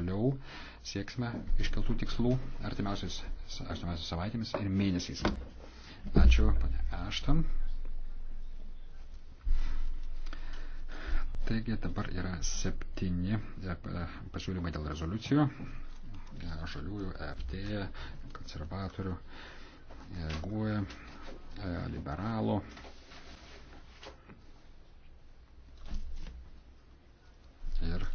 toliau sieksime iškeltų tikslų artimiausiais, artimiausiais savaitėmis ir mėnesiais. Ačiū, pane Aštam. Taigi dabar yra septyni e, e, pasiūlymai dėl rezoliucijų. E, žaliųjų, EFT, konservatorių, GUE, liberalų. Ir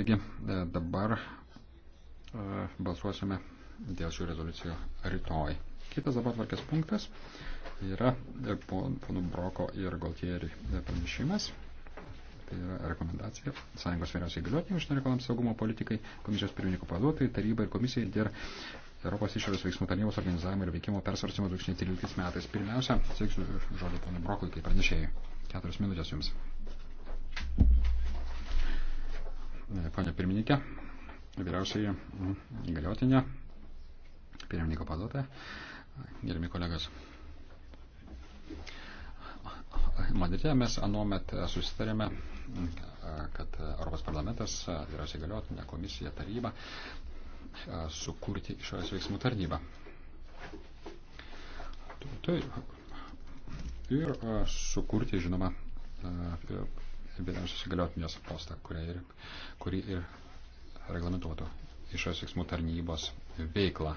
Taigi e, dabar e, balsuosime dėl šių rezoliucijų rytoj. Kitas dabar tvarkės punktas yra e, ponų Broko ir Galtieri pranešimas. Tai yra rekomendacija Sąjungos vyriausiai galiotinių užsienio reikalams saugumo politikai, komisijos pirmininko pavaduotojai, tarybai ir komisijai dėl Europos išorės veiksmų tarnybos organizavimo ir veikimo persvarsimo 2013 metais. Pirmiausia, sėksiu žodį ponui Brokui, kaip pranešėjai. Keturios minutės jums. Pane pirmininkė, vyriausiai įgaliotinė, pirmininko paduotė, gerimi kolegos. Madride mes anuomet susitarėme, kad Europos parlamentas, vyriausiai įgaliotinė komisija, taryba e, sukurti išorės veiksmų tarnybą. Tai, tai ir e, sukurti, žinoma, e, vyriausios įgaliotinės postą, kuri ir, kuri ir reglamentuotų išorės veiksmų tarnybos veiklą.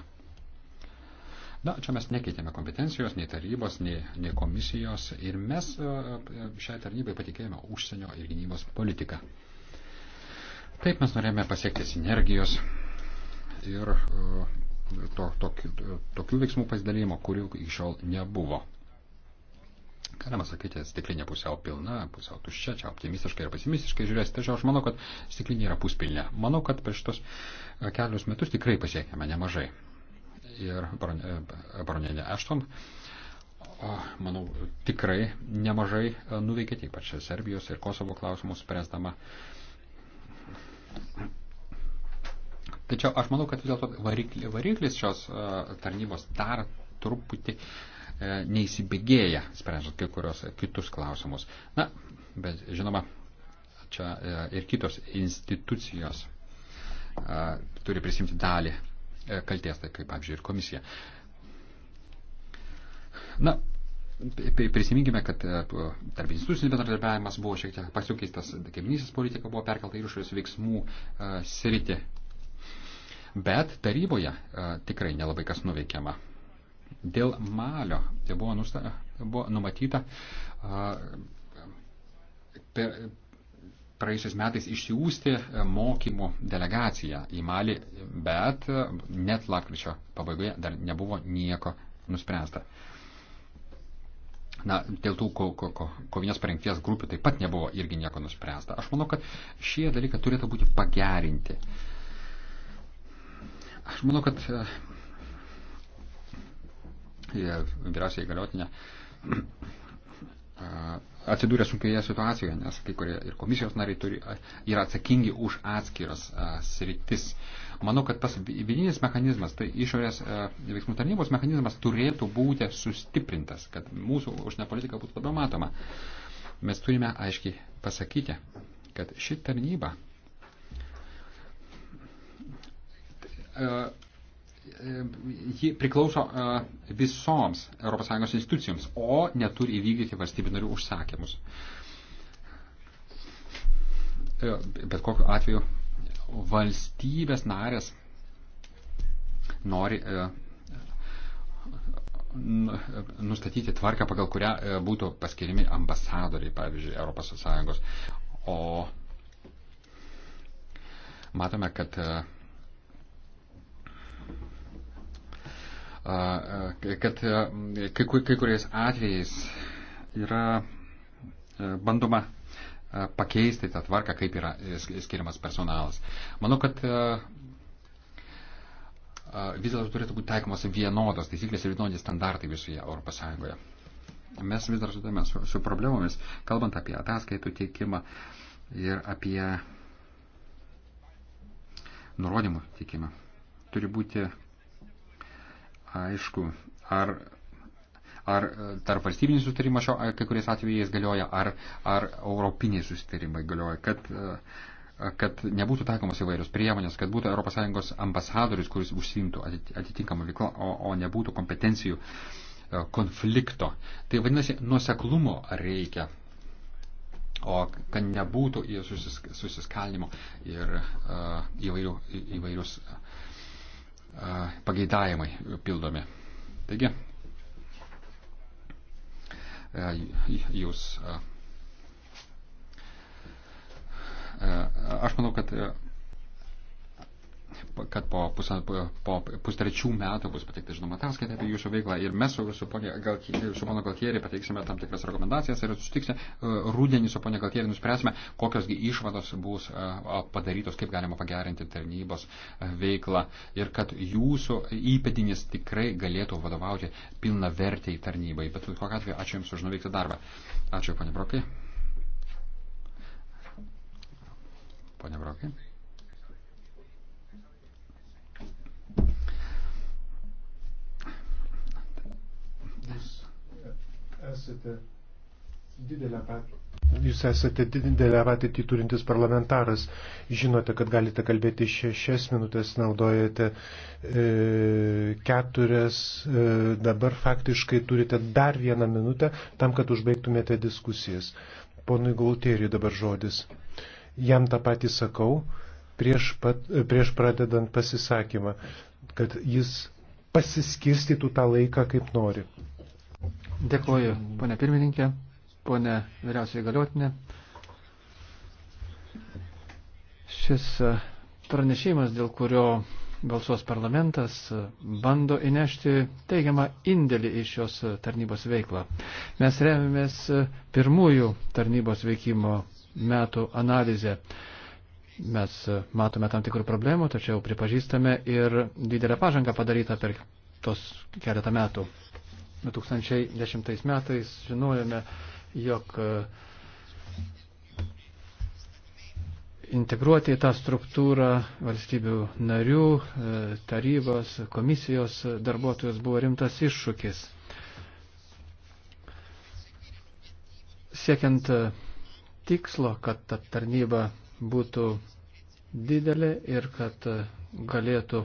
Na, čia mes nekeitėme kompetencijos, nei tarybos, nei, nei komisijos ir mes e, e, šiai tarnybai patikėjome užsienio ir gynybos politiką. Taip mes norėjome pasiekti sinergijos ir e, to, tokių, tokių veiksmų pasidalymo, kurių iki šiol nebuvo. Galima sakyti, stiklinė pusiau pilna, pusiau tuščia, čia optimistiškai ir pesimistiškai žiūrėsite, tačiau aš manau, kad stiklinė yra puspilnė. Manau, kad per šitos e, kelius metus tikrai pasiekėme nemažai. Ir e, baronienė Ešton, manau, tikrai nemažai e, nuveikė, ypač Serbijos ir Kosovo klausimus spręsdama. Tačiau aš manau, kad vis dėlto variklis šios tarnybos dar truputį uh, E, neįsibėgėja, sprendžiant kai kurios kitus klausimus. Na, bet žinoma, čia e, ir kitos institucijos e, turi prisimti dalį kalties, tai kaip, pavyzdžiui, ir komisija. Na, prisiminkime, kad tarp institucinis bendradarbiavimas buvo šiek tiek pasikeistas, kaiminysis politika buvo perkelta į išorės veiksmų sritį. Bet taryboje tikrai nelabai kas nuveikiama. Dėl Malio tai buvo, nusta, buvo numatyta per, praėjusiais metais išsiųsti mokymų delegaciją į Malį, bet net lapkričio pabaigoje dar nebuvo nieko nuspręsta. Na, dėl tų ko, ko, ko, kovinės parengties grupių taip pat nebuvo irgi nieko nuspręsta. Aš manau, kad šie dalykai turėtų būti pagerinti. Aš manau, kad E, vyriausiai galiotinė e, atsidūrė sunkioje situacijoje, nes kai kurie ir komisijos nariai turi, yra atsakingi už atskiras a, e, sritis. Manau, kad tas vidinis mechanizmas, tai išorės a, veiksmų tarnybos mechanizmas turėtų būti sustiprintas, kad mūsų užsienio politika būtų labiau matoma. Mes turime aiškiai pasakyti, kad ši tarnyba a, ji priklauso e, visoms ES institucijoms, o neturi įvykdyti valstybių narių užsakymus. E, bet kokiu atveju valstybės narės nori e, nustatyti tvarką, pagal kurią būtų paskirimi ambasadoriai, pavyzdžiui, ES. O matome, kad kad kai, kai kuriais atvejais yra bandoma pakeisti tą tvarką, kaip yra skiriamas personalas. Manau, kad vis dėlto turėtų būti taikomos vienodos taisyklės ir vienodi standartai visoje Europos Sąjungoje. Mes vis dar sudame su, su problemomis, kalbant apie ataskaitų teikimą ir apie nurodymų teikimą. Turi būti aišku, ar, ar tarp valstybinis sustarimas šio kai kuriais atvejais galioja, ar, ar europiniai sustarimai galioja, kad, kad nebūtų taikomos įvairios priemonės, kad būtų ES ambasadorius, kuris užsiimtų atitinkamą veiklą, o, o nebūtų kompetencijų e, konflikto. Tai vadinasi, nuseklumo reikia o kad nebūtų susiskaldimo ir uh, įvairių, įvairius pageidavimai pildomi. Taigi, jūs. Aš manau, kad kad po, pusan, po, po pustrečių metų bus pateikta žinoma ataskaita apie jūsų veiklą ir mes su, su, ponė, gal, su pono Galtieri pateiksime tam tikras rekomendacijas ir susitiksime e, rūdienį su pono Galtieri nuspręsime, kokios išvados bus e, padarytos, kaip galima pagerinti tarnybos e, veiklą ir kad jūsų įpėdinis tikrai galėtų vadovauti pilna vertiai tarnybai. Bet kokiu atveju ačiū Jums už nuveiktą darbą. Ačiū, ponė Brokai. Pone Brokai. Jūs esate didelę patirtį. Jūs esate didelę patirtį turintis parlamentaras. Žinote, kad galite kalbėti šešias minutės, naudojate e, keturias, e, dabar faktiškai turite dar vieną minutę tam, kad užbaigtumėte diskusijas. Ponui Gaultieriui dabar žodis. Jam tą patį sakau prieš, pat, prieš pradedant pasisakymą, kad jis pasiskirstytų tą laiką kaip nori. Dėkuoju, ponė pirmininkė, ponė vyriausiai galiotinė. Šis e, pranešimas, dėl kurio balsuos parlamentas, e, bando įnešti teigiamą indėlį iš šios e, tarnybos veiklą. Mes remiamės pirmųjų tarnybos veikimo metų analizę. Mes matome tam tikrų problemų, tačiau pripažįstame ir didelę pažangą padarytą per tos keletą metų. 2010 metais žinojome, jog e, integruoti į tą struktūrą valstybių narių, e, tarybos, komisijos darbuotojus buvo rimtas iššūkis. Siekiant e, tikslo, kad ta tarnyba būtų didelė ir kad galėtų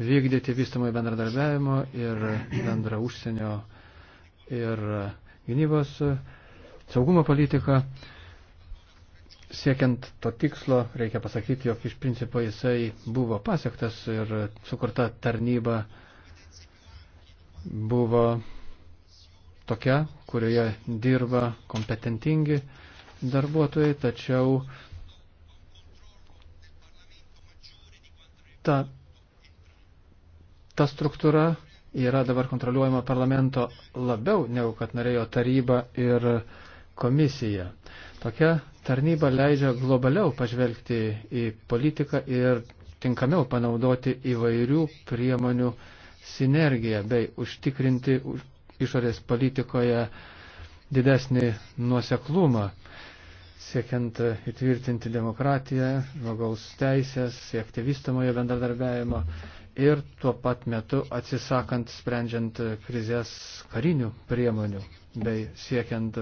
vykdyti vystamą bendradarbiavimo ir bendrą užsienio ir gynybos saugumo politiką. Siekiant to tikslo, reikia pasakyti, jog iš principo jisai buvo pasiektas ir sukurta tarnyba buvo tokia, kurioje dirba kompetentingi darbuotojai, tačiau ta, ta struktūra yra dabar kontroliuojama parlamento labiau negu kad norėjo taryba ir komisija. Tokia tarnyba leidžia globaliau pažvelgti į politiką ir tinkamiau panaudoti įvairių priemonių sinergiją bei užtikrinti išorės politikoje didesnį nuoseklumą, siekiant įtvirtinti demokratiją, žmogaus teisės, siekti vystamojo bendradarbiavimo ir tuo pat metu atsisakant sprendžiant krizės karinių priemonių bei siekiant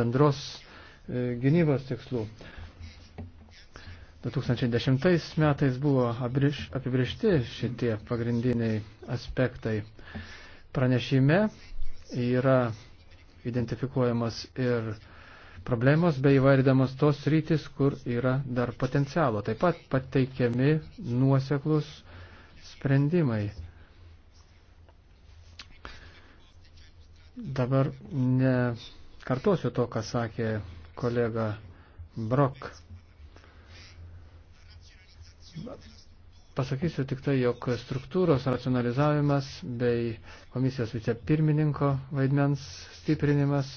bendros e, gynybos tikslų. 2010 metais buvo apibriešti šitie pagrindiniai aspektai. Pranešime yra identifikuojamas ir problemos bei įvairdamas tos rytis, kur yra dar potencialo. Taip pat pateikiami nuoseklus sprendimai. Dabar nekartosiu to, ką sakė kolega Brok. Pasakysiu tik tai, jog struktūros racionalizavimas bei komisijos vicepirmininko vaidmens stiprinimas,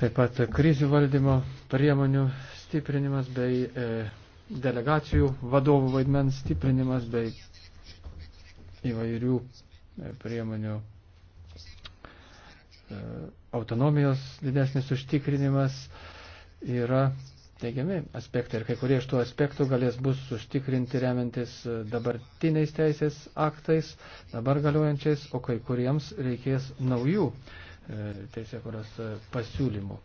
taip pat krizių valdymo priemonių stiprinimas bei e, delegacijų vadovų vaidmens stiprinimas bei įvairių e, priemonių e, autonomijos didesnis užtikrinimas yra teigiami aspektai ir kai kurie iš tų aspektų galės bus užtikrinti remiantis e, dabartiniais teisės aktais, dabar galiojančiais, o kai kuriems reikės naujų teisėkuros pasiūlymų.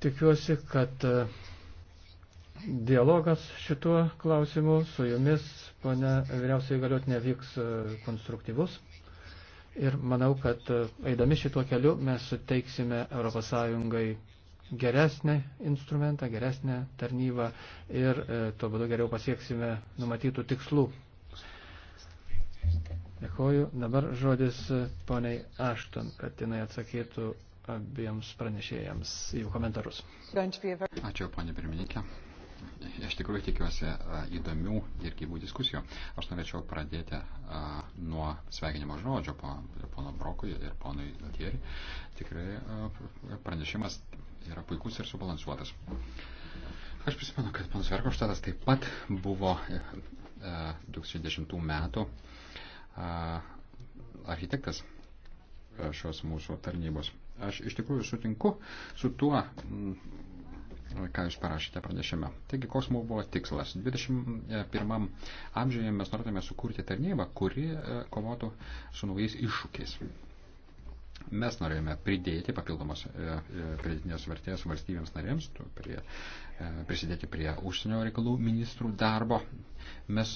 Tikiuosi, kad dialogas šituo klausimu su jumis, ponia vyriausiai galiotinė, vyks e, konstruktyvus. Ir manau, kad e, eidami šituo keliu mes suteiksime ES geresnį instrumentą, geresnę tarnybą ir e, tuo būdu geriau pasieksime numatytų tikslų. Dėkoju. Dabar žodis e, poniai Ašton, kad jinai atsakytų abiems pranešėjams jų komentarus. Ačiū, ponė pirmininkė. Aš tikrai tikiuosi įdomių ir gyvų diskusijų. Aš norėčiau pradėti nuo sveikinimo žodžio pono Brokui ir ponui Latieri. Tikrai pranešimas yra puikus ir subalansuotas. Aš prisimenu, kad ponas Verkoštatas taip pat buvo 2010 e, e, metų architektas e, šios mūsų tarnybos. Aš iš tikrųjų sutinku su tuo ką jūs parašėte pranešime. Taigi, kosmo buvo tikslas. 21 e, amžiuje mes norėtume sukurti tarnybą, kuri e, kovotų su naujais iššūkiais. Mes norėjome pridėti papildomos e, pridėtinės vertės valstybėms narėms, prie, prisidėti prie užsienio reikalų ministrų darbo. Mes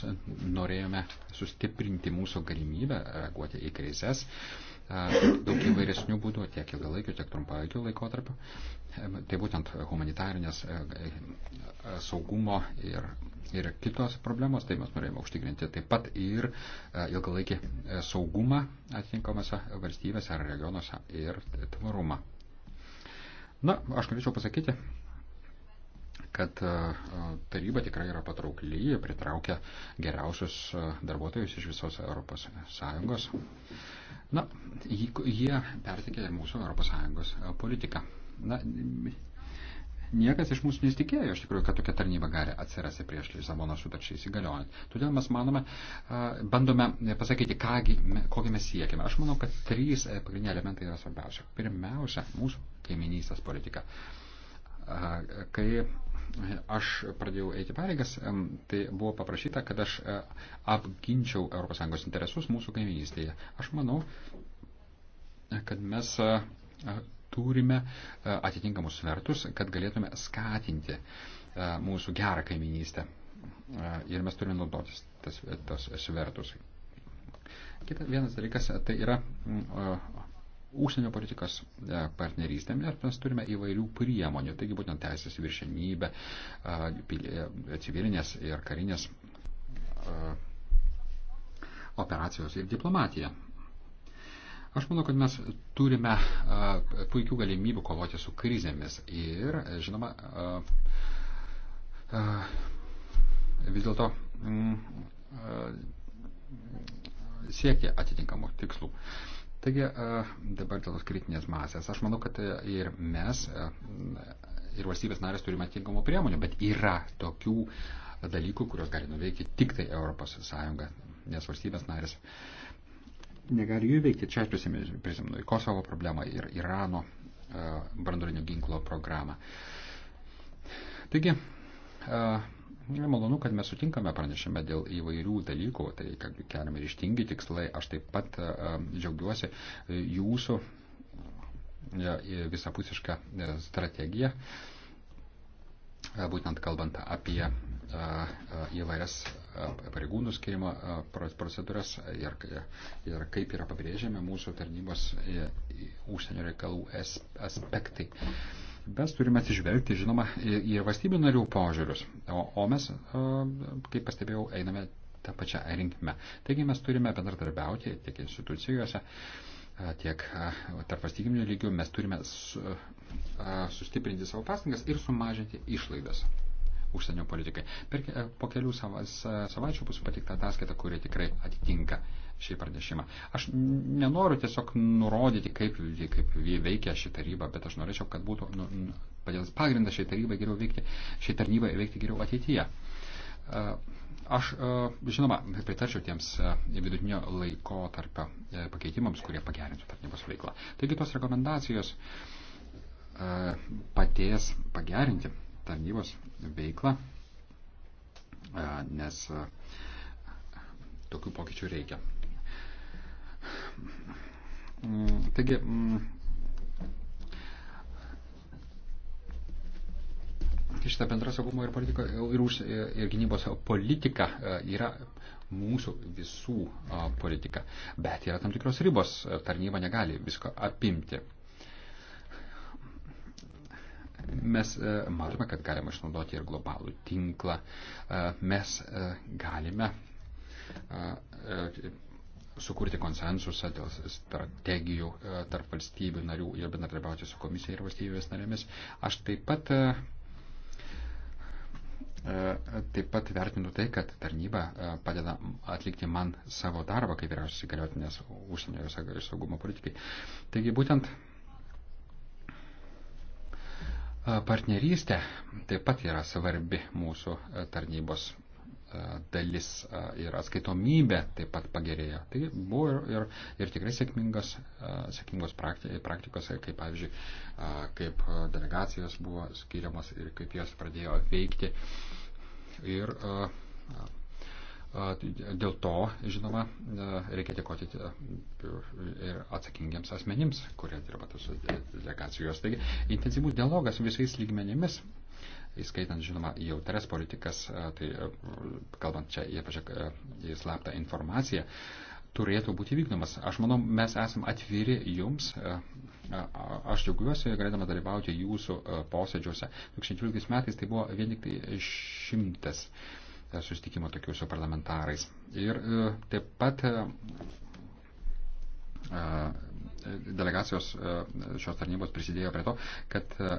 norėjome sustiprinti mūsų galimybę reaguoti į krizės daug įvairesnių būdų, tiek ilgalaikių, tiek trumpalaikių laikotarpių. Tai būtent humanitarinės e, e, saugumo ir, ir kitos problemos, tai mes norėjome užtikrinti taip pat ir e, ilgalaikį saugumą atitinkamose valstybėse ar regionuose ir tvarumą. Na, aš norėčiau pasakyti, kad taryba tikrai yra patraukly, pritraukia geriausius darbuotojus iš visos Europos Sąjungos. Na, jie pertikė mūsų ES e, politiką. Na, niekas iš mūsų nesitikėjo, iš tikrųjų, kad tokia tarnyba gali atsirasti prieš Lisabono sutarčiai įsigaliojant. Todėl mes manome, e, bandome pasakyti, kągi, kokį mes siekime. Aš manau, kad trys e, pagrindiniai elementai yra svarbiausia. Pirmiausia, mūsų kaiminystės politika. Kai aš pradėjau eiti pareigas, tai buvo paprašyta, kad aš e, apginčiau ES interesus mūsų kaiminystėje. Aš manau, kad mes e, turime e, atitinkamus svertus, kad galėtume skatinti mūsų gerą kaiminystę. Ir mes turime naudotis tas, tas svertus. Kita, vienas dalykas tai yra užsienio politikas e, partnerystė, mes turime įvairių priemonių, taigi būtent teisės viršenybė, e, civilinės ir karinės operacijos ir diplomatija. Aš manau, kad mes turime puikių galimybių kovoti su krizėmis ir, e, žinoma, vis dėlto mm, siekti atitinkamų tikslų. Taigi e, dabar dėl tos kritinės masės. Aš manau, kad e, ir mes, e, ir valstybės narės turime atitinkamų priemonių, bet yra tokių dalykų, kurios gali nuveikti tik tai Europos Sąjunga, nes valstybės narės negali jų veikti. Čia aš prisimenu, prisimenu į Kosovo problemą ir Irano branduolinio ginklo programą. Taigi, Malonu, kad mes sutinkame pranešime dėl įvairių dalykų, tai keliami ryštingi tikslai. Aš taip pat e, džiaugiuosi e, jūsų e, visapusišką strategiją, būtent kalbant apie įvairias pareigūnų skirimo procedūras ir, ir kaip yra pabrėžiami mūsų tarnybos užsienio reikalų aspektai. Mm. Mes turime atsižvelgti, žinoma, į, į valstybių narių požiūrius, o, o mes, kaip pastebėjau, einame tą pačią rinkmę. Taigi mes turime bendradarbiauti tiek institucijose, tiek tarp valstybinių lygių, mes turime su, sustiprinti savo pastangas ir sumažinti išlaidas užsienio politikai. Per, po kelių savas, savaičių bus patikta ataskaita, kuri tikrai atitinka šį pranešimą. Aš nenoriu tiesiog nurodyti, kaip, kaip veikia ši taryba, bet aš norėčiau, kad būtų nu, nu padėtas pagrindas šiai tarybai geriau veikti, šiai tarnybai veikti geriau ateityje. E, aš, e, žinoma, pritarčiau tiems e, vidutinio laiko tarp pakeitimams, kurie pagerintų tarnybos veiklą. Taigi tos rekomendacijos padės pagerinti tarnybos veiklą, nes tokių pokyčių reikia. Mm, taigi, mm, tai šitą bendrą saugumo ir, politiko, ir, už, ir gynybos politika e, yra mūsų visų politika. Bet yra tam tikros ribos, e, tarnyba negali visko apimti. Mes e, matome, kad galima išnaudoti ir globalų tinklą. Mes galime sukurti konsensusą dėl strategijų e, tarp valstybių narių ir bendradarbiauti su komisija ir valstybės narėmis. Aš taip pat, e, e, taip pat vertinu tai, kad tarnyba padeda atlikti man savo darbą kaip vyriausios įgaliotinės užsienio ir saugumo politikai. Taigi būtent partnerystė taip pat yra svarbi mūsų tarnybos E, dalis e, ir atskaitomybė taip pat pagerėjo. Tai buvo ir, ir, ir tikrai e, sėkmingos, sėkmingos praktikos, kaip pavyzdžiui, kaip delegacijos buvo skiriamos ir kaip jos pradėjo veikti. Ir dėl to, žinoma, reikia dėkoti ir atsakingiems asmenims, kurie dirba tos delegacijos. Taigi, intensyvus dialogas visais lygmenimis įskaitant, žinoma, jautres politikas, tai kalbant čia į, pažiūrėk, į slaptą informaciją, turėtų būti vykdomas. Aš manau, mes esam atviri jums. Aš džiaugiuosi, galėdama dalyvauti jūsų posėdžiuose. 2012 metais tai buvo vien tik tai šimtas susitikimo tokių su parlamentarais. Ir taip pat delegacijos e, šios tarnybos prisidėjo prie to, kad e,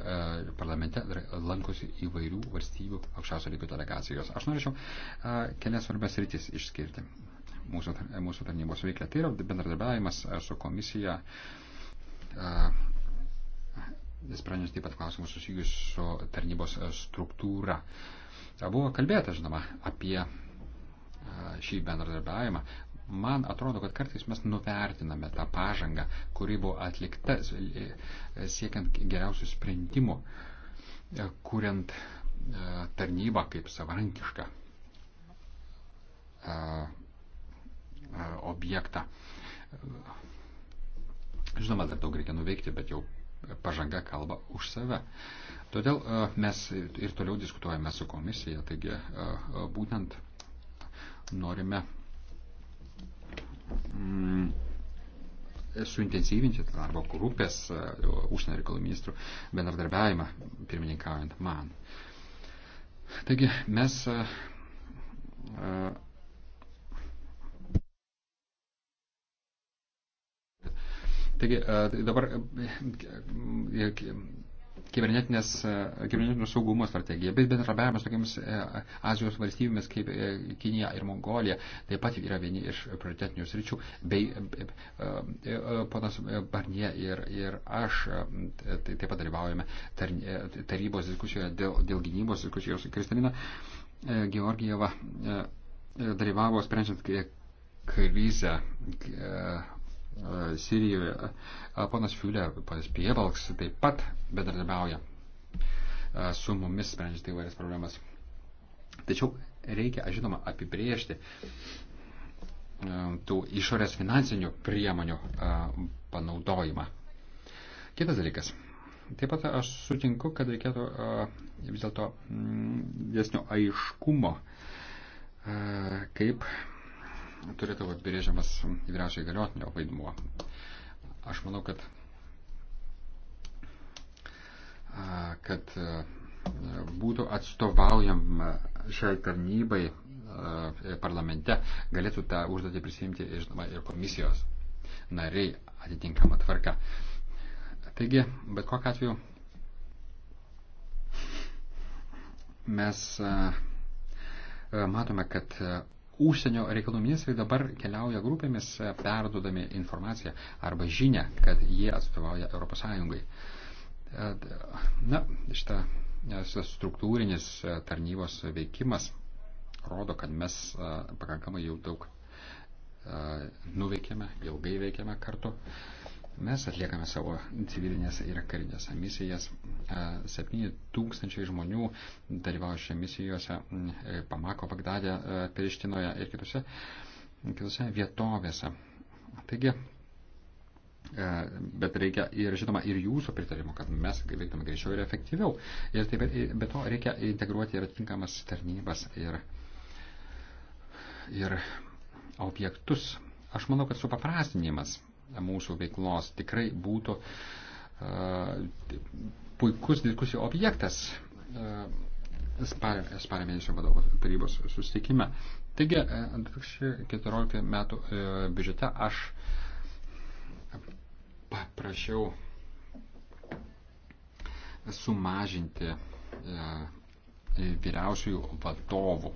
parlamente lankosi įvairių valstybių aukščiausio lygio delegacijos. Aš norėčiau e, kelias svarbės rytis išskirti mūsų, mūsų tarnybos veiklę. Tai yra bendradarbiavimas su komisija. Sprendžiant taip pat klausimus susijusius su tarnybos struktūra. Buvo kalbėta, žinoma, apie šį bendradarbiavimą, man atrodo, kad kartais mes nuvertiname tą pažangą, kuri buvo atlikta e, siekiant geriausių sprendimų, e, kuriant e, tarnybą kaip savarankišką objektą. Žinoma, dar daug reikia nuveikti, bet jau pažanga kalba už save. Todėl mes ir toliau diskutuojame su komisija, taigi būtent norime mm, suintensyvinti darbo grupės e, užsienio reikalų ministrų bendradarbiavimą pirmininkaujant man. Taigi mes e, e, Taigi dabar E, kibernetinio saugumo strategija, bet bendrabiavimas tokiamis e, Azijos valstybėmis kaip e, Kinija ir Mongolija taip pat yra vieni iš prioritetinių sričių, bei ponas Barnie ir, ir aš taip pat dalyvaujame tarybos diskusijoje dėl, dėl gynybos diskusijos. Kristalina Georgieva dalyvavo sprendžiant krizę Sirijoje. Ponas Fiulė, ponas Pievalks taip pat bedarbiauja su mumis sprendžiant įvairias problemas. Tačiau reikia, žinoma, apibriežti tų išorės finansinių priemonių panaudojimą. Kitas dalykas. Taip pat aš sutinku, kad reikėtų vis dėlto dėsnio aiškumo, kaip turėtų būti brėžiamas vyriausiai galiotinio vaidmuo. Aš manau, kad, kad būtų atstovaujam šiai tarnybai parlamente, galėtų tą užduotį prisimti, žinoma, ir komisijos nariai atitinkama tvarka. Taigi, bet kokiu atveju mes matome, kad Užsienio reikalų ministrai dabar keliauja grupėmis, e, perdodami informaciją arba žinę, kad jie atstovauja ES. E, na, šitą e, struktūrinis tarnybos veikimas rodo, kad mes pakankamai jau daug nuveikėme, ilgai veikėme kartu. Mes atliekame savo civilinės ir karinės misijas. 7 tūkstančiai žmonių dalyvauja šiose misijose Pamako, e, Bagdadė, e, Perištinoje ir kitose, kitose vietovėse. Taigi, e, bet reikia ir, žinoma, ir jūsų pritarimo, kad mes veiktume greičiau ir efektyviau. Ir taip, be to reikia integruoti ir atitinkamas tarnybas ir, ir objektus. Aš manau, kad supaprastinimas E, mūsų veiklos tikrai būtų e, puikus diskusijų objektas e, spalio mėnesio vadovo tarybos susitikime. Taigi, 2014 metų biudžete aš paprašiau sumažinti vyriausiųjų vadovų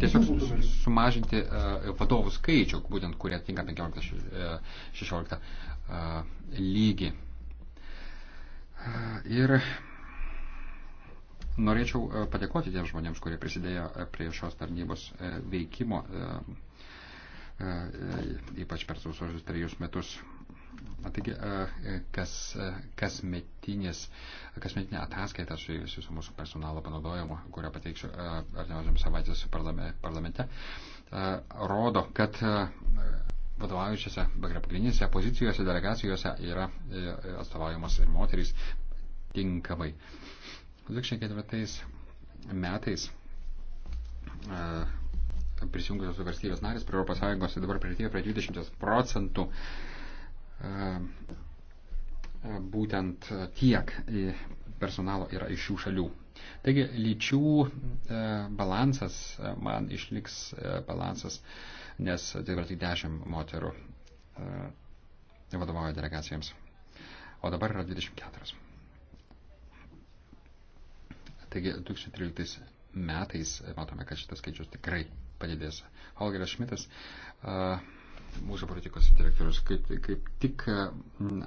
tiesiog sumažinti e, vadovų skaičių, būtent kurie tinka 15-16 lygį. E, ir norėčiau e, padėkoti tiems žmonėms, kurie prisidėjo prie šios tarnybos veikimo, ypač per sausuosius trejus metus. Taigi, e, kas, kasmetinis, kasmetinė ataskaita susijusi su mūsų personalo panaudojimu, kurią pateiksiu artimiausiam savaitės parlamente, rodo, kad vadovaujančiose, pagrindinėse pozicijose, delegacijose yra e, atstovaujamos ir moterys tinkamai. 2004 metais prisijungusios valstybės narės prie Europos Sąjungos dabar prieartėjo prie 20 procentų Ehm, e, būtent e, tiek personalo yra iš šių šalių. Taigi lyčių e, balansas man išliks balansas, nes tai yra tik 10 moterų vadovauja delegacijams. O dabar yra 24. Taigi 2013 metais matome, kad šitas skaičius tikrai padidės. Holgeris Šmitas uh, mūsų politikos direktorius kaip, kaip tik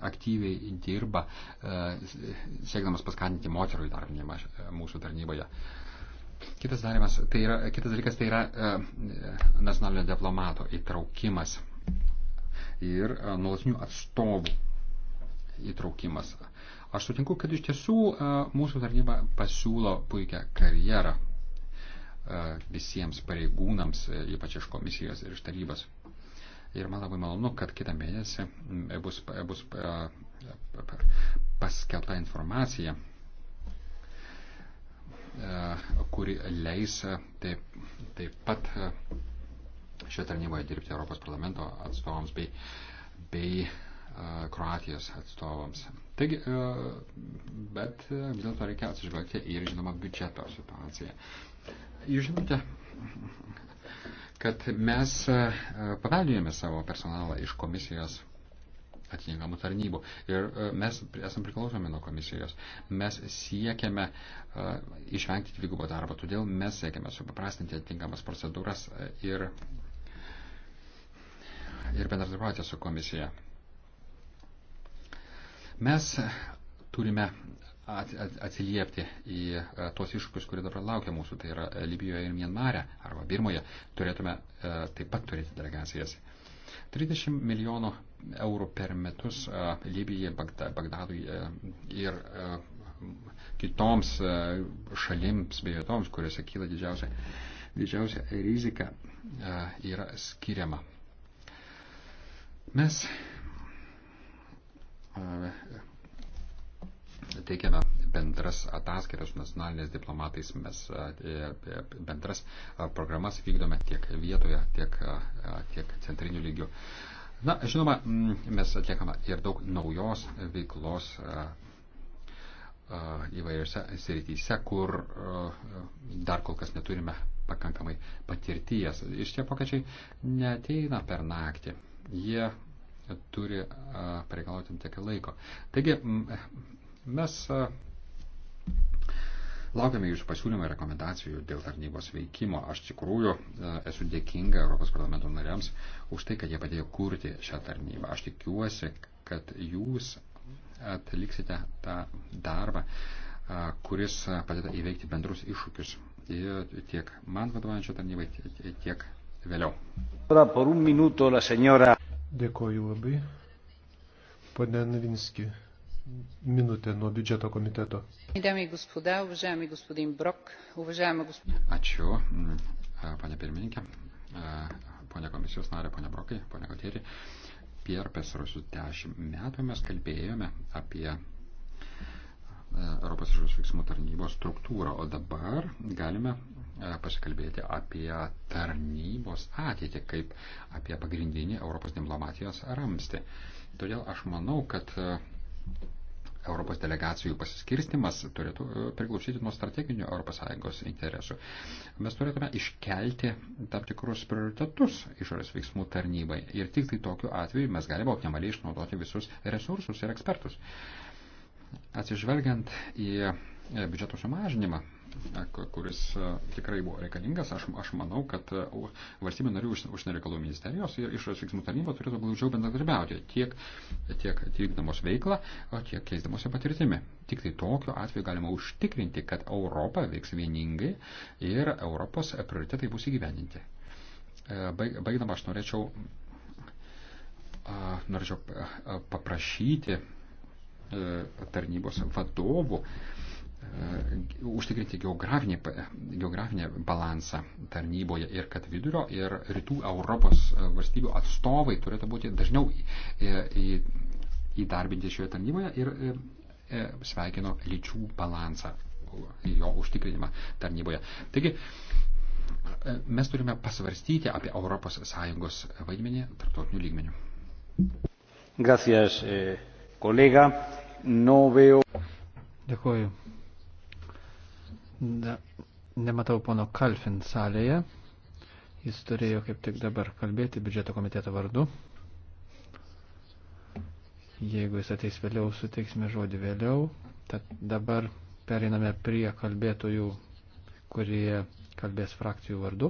aktyviai dirba, e, siekdamas paskatinti moterų įdarbinimą e, mūsų tarnyboje. Kitas, darimas, tai yra, kitas dalykas tai yra e, nacionalinio diplomato įtraukimas ir nuolatinių atstovų įtraukimas. Aš sutinku, kad iš tiesų mūsų tarnyba pasiūlo puikią karjerą visiems pareigūnams, ypač iš komisijos ir iš tarybos. Ir man labai malonu, kad kitą mėnesį bus, bus paskelbta informacija, kuri leis taip, taip pat šioje tarnyboje dirbti Europos parlamento atstovams bei, bei Kroatijos atstovams. Taigi, bet vis dėlto reikia atsižvelgti ir, žinoma, biudžeto situaciją. Jūs žinote, kad mes e, paveldėjome savo personalą iš komisijos atitinkamų tarnybų. Ir e, mes esam priklausomi nuo komisijos. Mes siekiame e, išvengti dvigubo darbo, todėl mes siekiame supaprastinti atitinkamas procedūras ir, ir bendradarbiauti su komisija. Mes turime atsiliepti į e, tos iššūkius, kurie dabar laukia mūsų, tai yra e, Libijoje ir Mienmare arba Birmoje, turėtume e, taip pat turėti delegacijas. 30 milijonų eurų per metus Libijai, Bagdadui ir kitoms šalims bei vietoms, kuriuose kyla didžiausia, didžiausia rizika, yra skiriama. Mes teikiame bendras ataskaitas nacionalinės diplomatais, mes e, e, bendras programas vykdome tiek vietoje, tiek, tiek centriniu lygiu. Na, žinoma, mes atliekame ir daug naujos veiklos įvairiose srityse, kur dar kol kas neturime pakankamai patirties. Iš tie pokačiai neteina per naktį. Jie turi pareikalauti tiek laiko. Taigi, Mes e, Laukiame jūsų pasiūlymų ir rekomendacijų dėl tarnybos veikimo. Aš tikrųjų e, esu dėkinga Europos parlamento nariams už tai, kad jie padėjo kurti šią tarnybą. Aš tikiuosi, kad jūs atliksite tą darbą, e, kuris padeda įveikti bendrus iššūkius tiek man vadovaujančio tarnybai, tiek vėliau. Dėkoju labai. Pane Navinski minutė nuo biudžeto komiteto. Ačiū, panė pirmininkė, panė komisijos narė, panė Brokai, panė Gotėri. Per pasarosius dešimt metų mes kalbėjome apie Europos išorės veiksmų tarnybos struktūrą, o dabar galime pasikalbėti apie tarnybos ateitį, kaip apie pagrindinį Europos diplomatijos ramstį. Todėl aš manau, kad Europos delegacijų pasiskirstimas turėtų e, priklausyti nuo strateginių ES interesų. Mes turėtume iškelti tam tikrus prioritetus išorės veiksmų tarnybai ir tik tai tokiu atveju mes galime optimaliai išnaudoti visus resursus ir ekspertus. Atsižvelgiant į e, biudžeto sumažinimą, kuris e, tikrai buvo reikalingas. Aš, aš manau, kad e, valstybė narių užsienio reikalų ministerijos ir išorės veiksmų tarnyba turėtų glaudžiau bendradarbiauti tiek, tiek vykdamos veiklą, tiek keisdamosi patirtimi. Tik tai tokiu atveju galima užtikrinti, kad Europa veiks vieningai ir Europos prioritetai bus įgyveninti. E, Baigdama aš norėčiau, norėčiau paprašyti tarnybos vadovų E, užtikrinti geografinį, geografinį balansą tarnyboje ir kad vidurio ir rytų Europos e, valstybių atstovai turėtų būti dažniau e, įdarbinti šioje tarnyboje ir sveikino lyčių balansą, jo užtikrinimą tarnyboje. Taigi, mes turime pasvarstyti apie ES vaidmenį tarptautinių lygmenių. Gracias, kolega. Eh, no veo. Dėkuoju Ne, nematau pono Kalfin salėje. Jis turėjo kaip tik dabar kalbėti biudžeto komiteto vardu. Jeigu jis ateis vėliau, suteiksime žodį vėliau. Tad dabar periname prie kalbėtojų, kurie kalbės frakcijų vardu.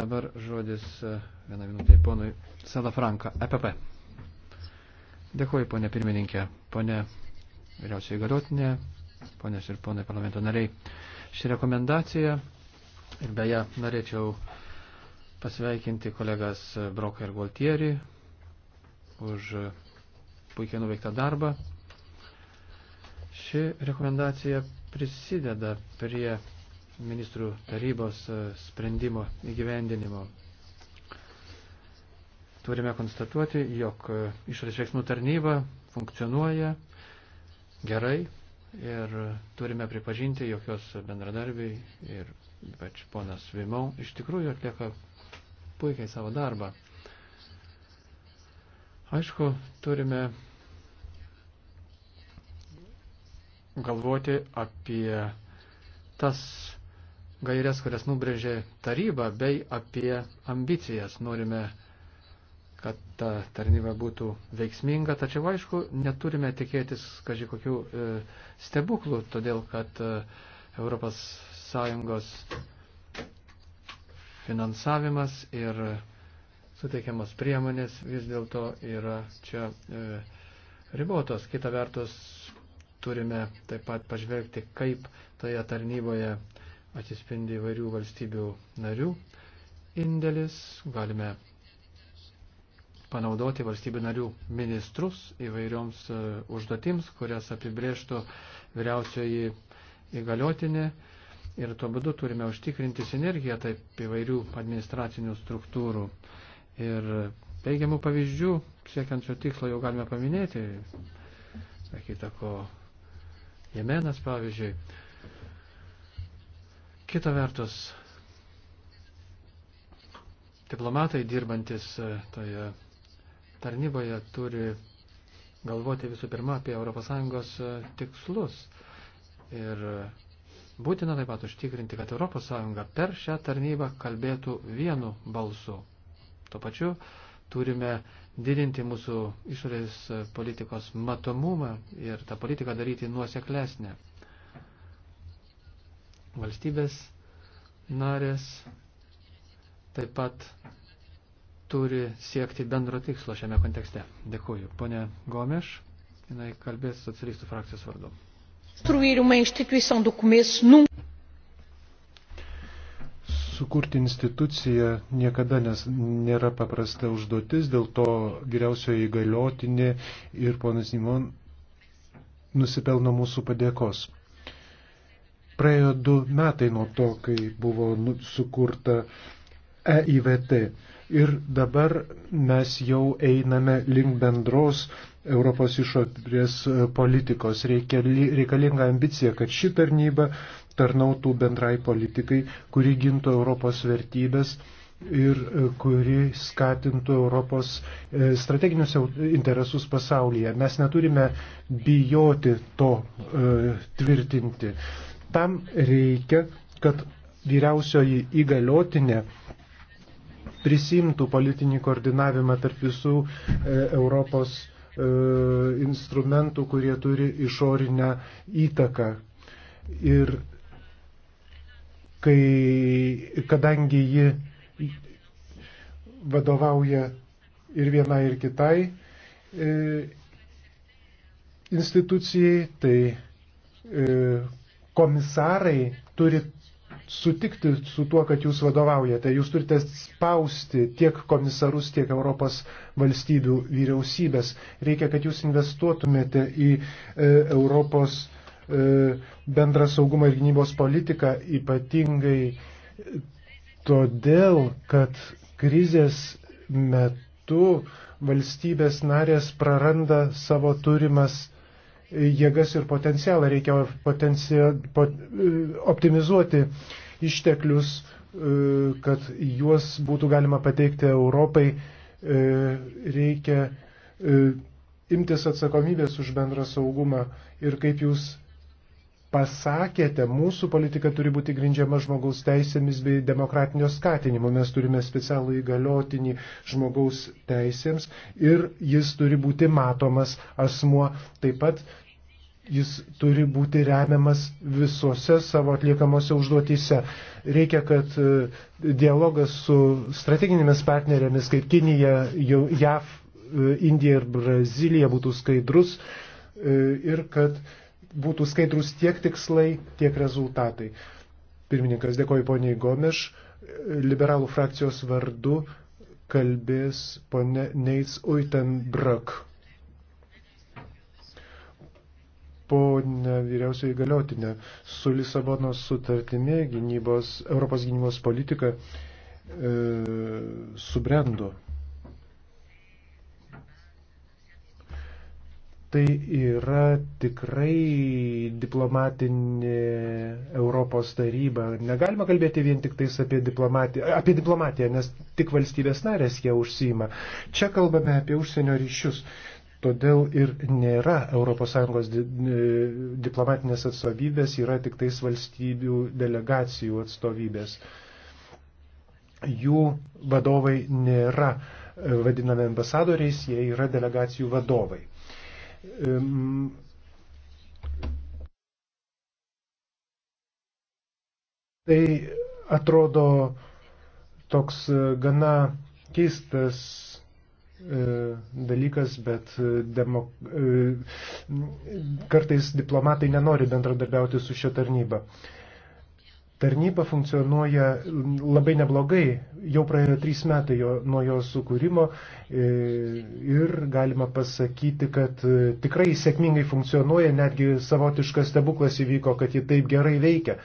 Dabar žodis e, vieną minutę ponui Salafranka, EPP. Dėkuoju, ponė pirmininkė, ponė vyriausiai galiotinė, ponės ir ponai parlamento nariai šį rekomendaciją. Ir beje, norėčiau pasveikinti kolegas Broką ir Gualtierį už puikiai nuveiktą darbą. Ši rekomendacija prisideda prie ministrų tarybos sprendimo įgyvendinimo. Turime konstatuoti, jog išorės veiksmų tarnyba funkcionuoja gerai, ir turime pripažinti, jog jos bendradarbiai ir ypač ponas Vimau iš tikrųjų atlieka puikiai savo darbą. Aišku, turime galvoti apie tas gairias, kurias nubrėžė taryba, bei apie ambicijas. Norime kad ta tarnyba būtų veiksminga, tačiau aišku, neturime tikėtis kažkokių e, stebuklų, todėl kad e, ES finansavimas ir suteikiamas priemonės vis dėlto yra čia e, ribotos. Kita vertus, turime taip pat pažvelgti, kaip toje tarnyboje atsispindi įvairių valstybių narių indėlis. Galime panaudoti valstybių narių ministrus įvairioms e, užduotims, kurias apibrėžtų vyriausioji įgaliotinė. Ir tuo būdu turime užtikrinti sinergiją taip įvairių administracinių struktūrų. Ir teigiamų pavyzdžių, siekiant šio tikslo, jau galime paminėti, sakytako, Jemenas pavyzdžiui. Kita vertus, diplomatai dirbantis e, toje tai tarnyboje turi galvoti visų pirma apie ES tikslus. Ir būtina taip pat užtikrinti, kad ES per šią tarnybą kalbėtų vienu balsu. Tuo pačiu turime didinti mūsų išorės politikos matomumą ir tą politiką daryti nuoseklesnę. Valstybės narės taip pat turi siekti bendro tikslo šiame kontekste. Dėkuoju. Pone Gomeš, jinai kalbės socialistų frakcijos vardu. Sukurti instituciją niekada nes, nėra paprasta užduotis, dėl to vyriausioji įgaliotinė ir ponas Nimon nusipelno mūsų padėkos. Praėjo du metai nuo to, kai buvo nu-, sukurta EIVT. Ir dabar mes jau einame link bendros Europos išorės e, politikos. Reikia, reikalinga ambicija, kad ši tarnyba tarnautų bendrai politikai, kuri gintų Europos vertybės ir e, kuri skatintų Europos e, strateginius interesus pasaulyje. Mes neturime bijoti to tvirtinti. Tam reikia, kad vyriausioji įgaliotinė prisimtų politinį koordinavimą tarp visų e, Europos e, instrumentų, kurie turi išorinę įtaką. Ir kai, kadangi ji vadovauja ir vienai, ir kitai e, institucijai, tai e, komisarai turi sutikti su tuo, kad jūs vadovaujate. Jūs turite spausti tiek komisarus, tiek Europos valstybių vyriausybės. Reikia, kad jūs investuotumėte į e, Europos e, bendrą saugumą ir gynybos politiką, ypatingai todėl, kad krizės metu valstybės narės praranda savo turimas jėgas ir potencialą, reikia potencija, pot, optimizuoti išteklius, e, kad juos būtų galima pateikti Europai, e, reikia e, imtis atsakomybės už bendrą saugumą ir kaip jūs pasakėte, mūsų politika turi būti grindžiama žmogaus teisėmis bei demokratinio skatinimo. Mes turime specialų įgaliotinį žmogaus teisėms ir jis turi būti matomas asmuo. Taip pat jis turi būti remiamas visose savo atliekamose užduotyse. Reikia, kad e, dialogas su strateginėmis partnerėmis kaip Kinija, JAV, e, Indija ir Brazilija būtų skaidrus e, ir kad būtų skaidrus tiek tikslai, tiek rezultatai. Pirmininkas, dėkoju poniai Gomeš, liberalų frakcijos vardu kalbės ponė Neits Uitenbrok. Pone vyriausioji galiotinė, su Lisabonos sutartimi gynybos, Europos gynybos politika e, subrendo. tai yra tikrai diplomatinė Europos taryba. Negalima kalbėti vien tik tais apie diplomatiją, apie diplomatiją nes tik valstybės narės ją užsima. Čia kalbame apie užsienio ryšius. Todėl ir nėra ES e, diplomatinės atstovybės, yra tik tais valstybių delegacijų atstovybės. Jų vadovai nėra e, vadinami ambasadoriais, jie yra delegacijų vadovai. Tai atrodo toks e, gana keistas e, dalykas, bet e, demok... kartais diplomatai nenori bendradarbiauti su šia tarnyba. Tarnyba funkcionuoja labai neblogai, jau praėjo trys metai jo, nuo jos sukūrimo e, ir galima pasakyti, kad e, tikrai sėkmingai funkcionuoja, netgi savotiškas stebuklas įvyko, kad ji taip gerai veikia.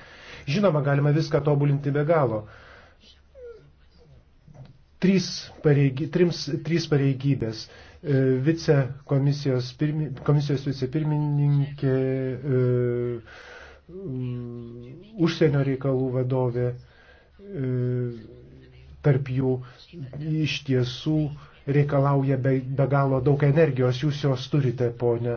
Žinoma, galima viską tobulinti be galo. Trys, pareigy, trims, trys pareigybės e, vice komisijos, pirmi, komisijos vicepirmininkė, Mm, užsienio reikalų vadovė e, tarp jų iš tiesų reikalauja be, be galo daug energijos, jūs jos turite, ponė.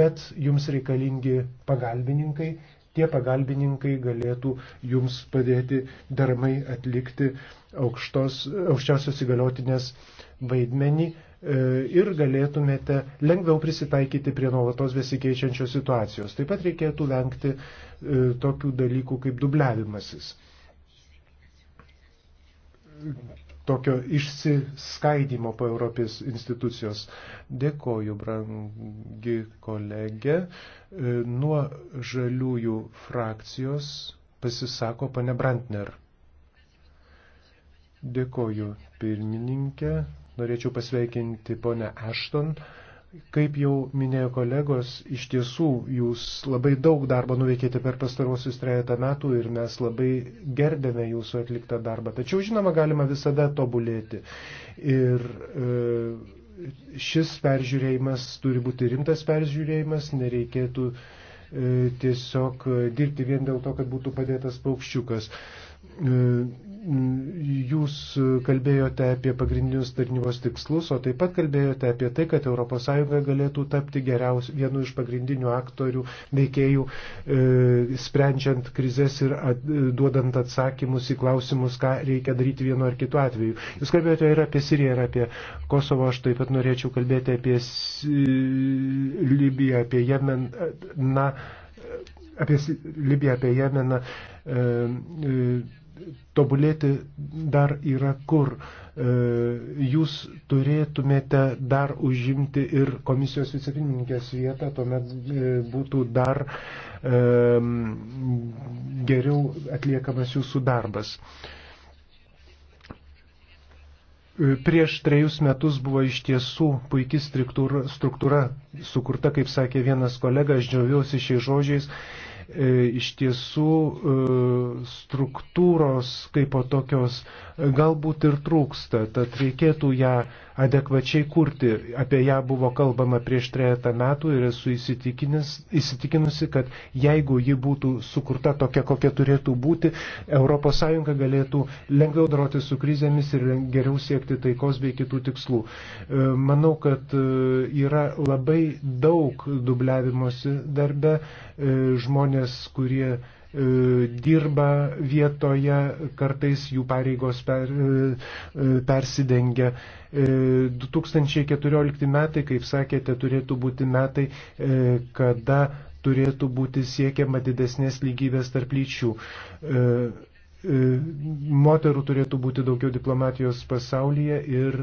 Bet jums reikalingi pagalbininkai, tie pagalbininkai galėtų jums padėti darmai atlikti aukštos, aukščiausios įgaliotinės vaidmenį E, ir galėtumėte lengviau prisitaikyti prie nuolatos besikeičiančios situacijos. Taip pat reikėtų vengti e, tokių dalykų kaip dubliavimasis. Tokio išsiskaidimo po Europės institucijos. Dėkoju, brangi kolegė. E, nuo žaliųjų frakcijos pasisako pane Brantner. Dėkoju, pirmininkė. Norėčiau pasveikinti ponę Ashton. Kaip jau minėjo kolegos, iš tiesų jūs labai daug darbo nuveikėte per pastaruosius trejata metų ir mes labai gerbėme jūsų atliktą darbą. Tačiau, žinoma, galima visada tobulėti. Ir e, šis peržiūrėjimas turi būti rimtas peržiūrėjimas, nereikėtų e, tiesiog e, dirbti vien dėl to, kad būtų padėtas paukščiukas. E, Jūs kalbėjote apie pagrindinius tarnybos tikslus, o taip pat kalbėjote apie tai, kad ES galėtų tapti geriaus, vienu iš pagrindinių aktorių, veikėjų, e, sprendžiant krizės ir at, duodant atsakymus į klausimus, ką reikia daryti vienu ar kitu atveju. Jūs kalbėjote ir apie Siriją, ir apie Kosovo, aš taip pat norėčiau kalbėti apie Libiją, apie Jemeną, apie Libiją, apie Jemeną. E, e, tobulėti dar yra kur. E, jūs turėtumėte dar užimti ir komisijos vicepirmininkės vietą, tuomet e, būtų dar e, geriau atliekamas jūsų darbas. Prieš trejus metus buvo iš tiesų puikiai struktūra, struktūra sukurta, kaip sakė vienas kolega, aš džiaugiausi šiais žodžiais E, iš tiesų e, struktūros kaip po tokios galbūt ir trūksta, tad reikėtų ją adekvačiai kurti. Apie ją buvo kalbama prieš trejata metų ir esu įsitikinusi, kad jeigu ji būtų sukurta tokia, kokia turėtų būti, ES galėtų lengviau daroti su krizėmis ir geriau siekti taikos bei kitų tikslų. E, manau, kad e, yra labai daug dubliavimosi darbe e, žmonės, kurie E, dirba vietoje, kartais jų pareigos per, e, e, persidengia. 2014 metai, kaip sakėte, turėtų būti metai, kada turėtų būti siekiama didesnės lygybės tarp lyčių moterų turėtų būti daugiau diplomatijos pasaulyje ir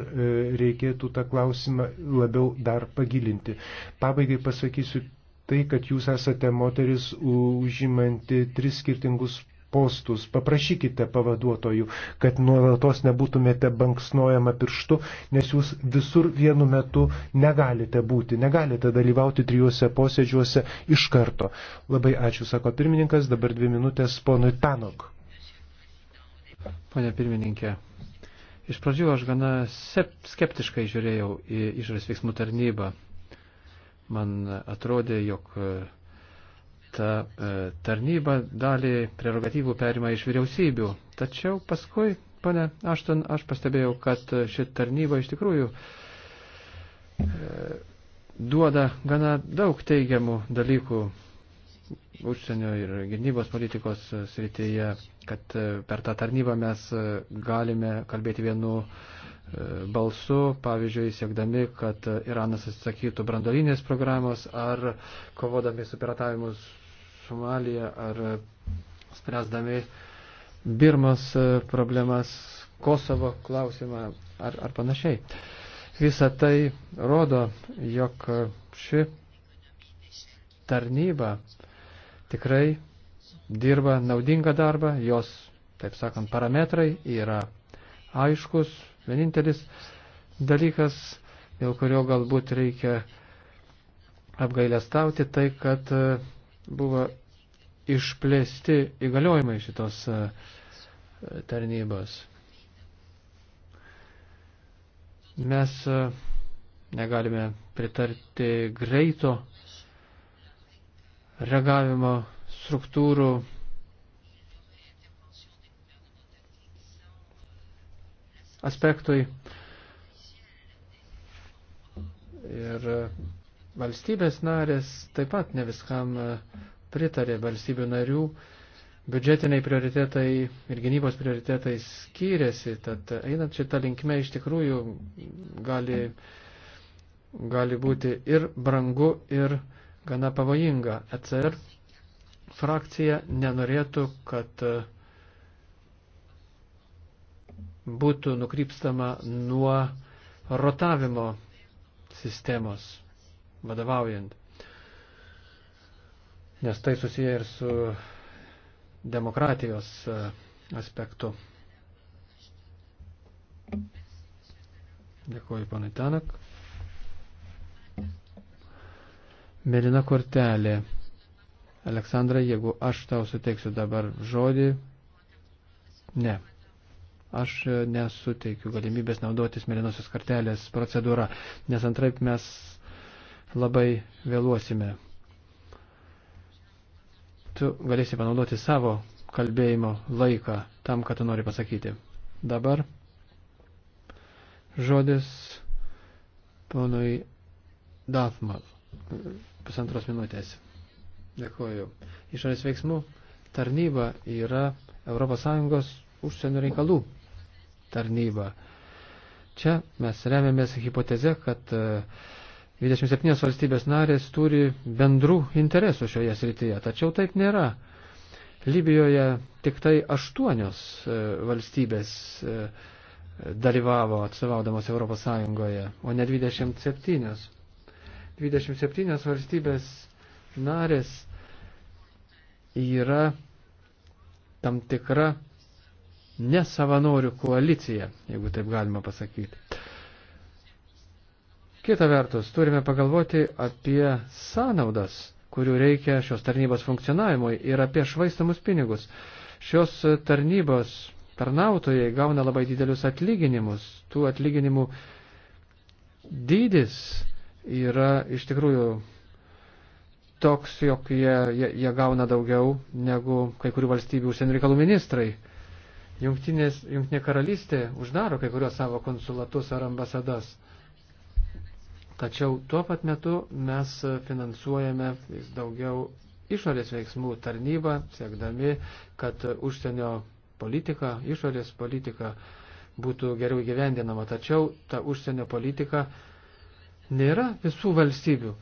reikėtų tą klausimą labiau dar pagilinti. Pabaigai pasakysiu tai, kad jūs esate moteris užimanti tris skirtingus postus. Paprašykite pavaduotojų, kad nuolatos nebūtumėte banksnojama pirštu, nes jūs visur vienu metu negalite būti, negalite dalyvauti trijuose posėdžiuose iš karto. Labai ačiū, sako pirmininkas, dabar dvi minutės ponui Tanok. Pone pirmininkė, iš pradžių aš gana septiškai žiūrėjau į išras veiksmų tarnybą Man atrodė, jog e, ta e, tarnyba dalį prerogatyvų perima iš vyriausybių. Tačiau paskui, pane Ašton, aš pastebėjau, kad ši tarnyba iš tikrųjų e, duoda gana daug teigiamų dalykų užsienio ir gynybos politikos srityje, kad per tą tarnybą mes galime kalbėti vienu balsu, pavyzdžiui, siekdami, kad Iranas atsisakytų brandolinės programos ar kovodami su piratavimu Somalija ar spręsdami Birmos problemas, Kosovo klausimą ar, ar panašiai. Visa tai rodo, jog ši tarnyba tikrai dirba naudingą darbą, jos, taip sakant, parametrai yra aiškus, Vienintelis dalykas, dėl kurio galbūt reikia apgailestauti, tai kad e, buvo išplėsti įgaliojimai šitos e, tarnybos. Mes e, negalime pritarti greito reagavimo struktūrų aspektui. Ir valstybės narės taip pat ne viskam e, pritarė valstybių narių. Biudžetiniai prioritetai ir gynybos prioritetai skyrėsi, tad einant šitą linkmę iš tikrųjų gali, gali būti ir brangu, ir gana pavojinga. ECR frakcija nenorėtų, kad uh, būtų nukrypstama nuo rotavimo sistemos vadovaujant. Nes tai susiję ir su demokratijos e, aspektu. Dėkuoju, panai Tanak. Melina kortelė. Aleksandra, jeigu aš tau suteiksiu dabar žodį. Ne aš nesuteikiu galimybės naudotis mėlynosios kartelės procedūra, nes antraip mes labai vėluosime. Tu galėsi panaudoti savo kalbėjimo laiką tam, ką tu nori pasakyti. Dabar žodis ponui Dathmal. Pusantros minutės. Dėkuoju. Išorės veiksmų tarnyba yra ES užsienio reikalų tarnybą. Čia mes remiamės hipoteze, kad 27 e, valstybės narės turi bendrų interesų šioje srityje, tačiau taip nėra. Libijoje tik tai aštuonios e, valstybės e, dalyvavo atstovaudamos Europos Sąjungoje, o ne 27. 27 valstybės narės yra tam tikra nesavanorių koalicija, jeigu taip galima pasakyti. Kita vertus, turime pagalvoti apie sąnaudas, kurių reikia šios tarnybos funkcionavimui ir apie švaistamus pinigus. Šios tarnybos tarnautojai gauna labai didelius atlyginimus. Tų atlyginimų dydis yra iš tikrųjų toks, jog jie, jie, jie gauna daugiau negu kai kurių valstybių užsienio reikalų ministrai. Jungtinės, Jungtinė karalystė uždaro kai kurios savo konsulatus ar ambasadas. Tačiau tuo pat metu mes finansuojame vis daugiau išorės veiksmų tarnybą, siekdami, kad užsienio politika, išorės politika būtų geriau gyvendinama. Tačiau ta užsienio politika nėra visų valstybių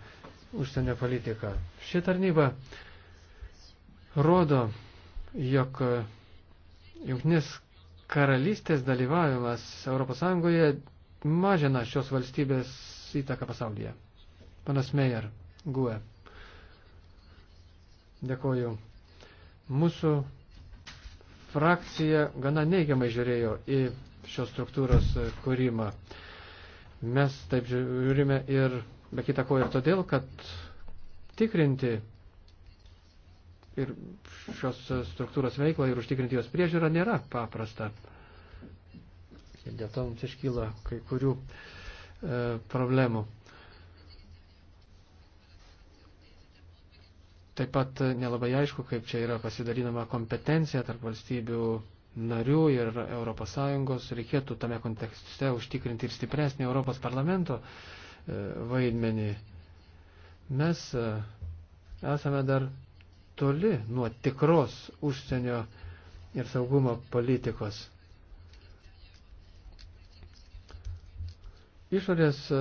užsienio politika. Ši tarnyba rodo, jog Junknės karalystės dalyvavimas ES mažina šios valstybės įtaką pasaulyje. Panas Meijer, GUE. Dėkoju. Mūsų frakcija gana neigiamai žiūrėjo į šios struktūros kūrimą. Mes taip žiūrime ir be kita ko ir todėl, kad tikrinti ir šios struktūros veiklą ir užtikrinti jos priežiūrą nėra paprasta. Ir dėl to mums iškyla kai kurių e, problemų. Taip pat nelabai aišku, kaip čia yra pasidalinama kompetencija tarp valstybių narių ir ES. Reikėtų tame kontekste užtikrinti ir stipresnį Europos parlamento e, vaidmenį. Mes e, esame dar toli nuo tikros užsienio ir saugumo politikos. Išorės e,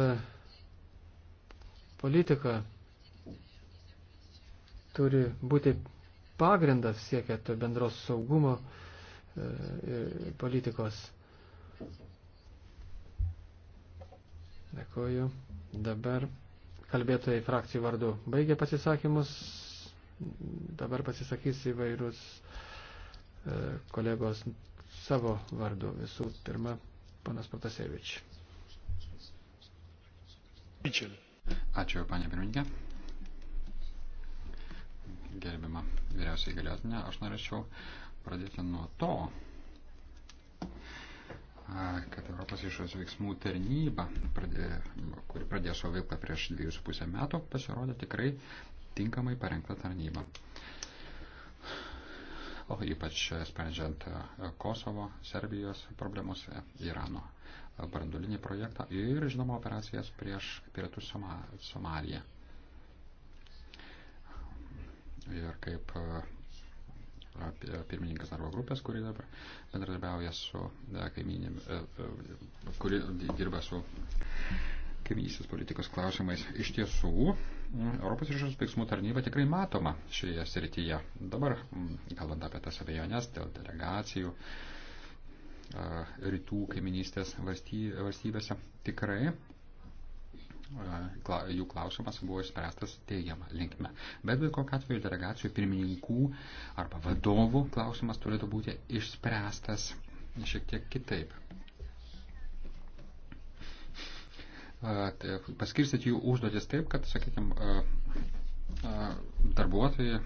politika turi būti pagrindas siekiant bendros saugumo e, politikos. Dėkuoju. Dabar kalbėtojai frakcijų vardu baigė pasisakymus. Dabar pasisakys įvairūs e, kolegos savo vardu. Visų pirma, panas Protasevič. Ačiū, panė pirmininkė. Gerbima vyriausiai galėtinė, aš norėčiau pradėti nuo to, kad Europos išorės veiksmų tarnyba, pradė, kuri pradėjo savo veiklą prieš dviejus pusę metų, pasirodė tikrai tinkamai parengtą tarnybą. O ypač sprendžiant e, Kosovo, Serbijos problemus, e, Irano brandulinį projektą ir, žinoma, operacijas prieš pietų Somaliją. Ir kaip e, pirmininkas darbo grupės, kuri dabar bendradarbiauja su kaiminėm, kuri dirba su kaiminystės politikos klausimais. Iš tiesų, Europos išorės veiksmų tarnyba tikrai matoma šioje srityje. Dabar, mm, kalbant apie tas abejonės dėl delegacijų rytų kaiminystės valstybėse, tikrai jų klausimas buvo išspręstas teigiamą linkme. Bet bet kokiu atveju delegacijų pirmininkų arba vadovų klausimas turėtų būti išspręstas šiek tiek kitaip. Tai paskirstyti jų užduotis taip, kad, sakykime, darbuotojai,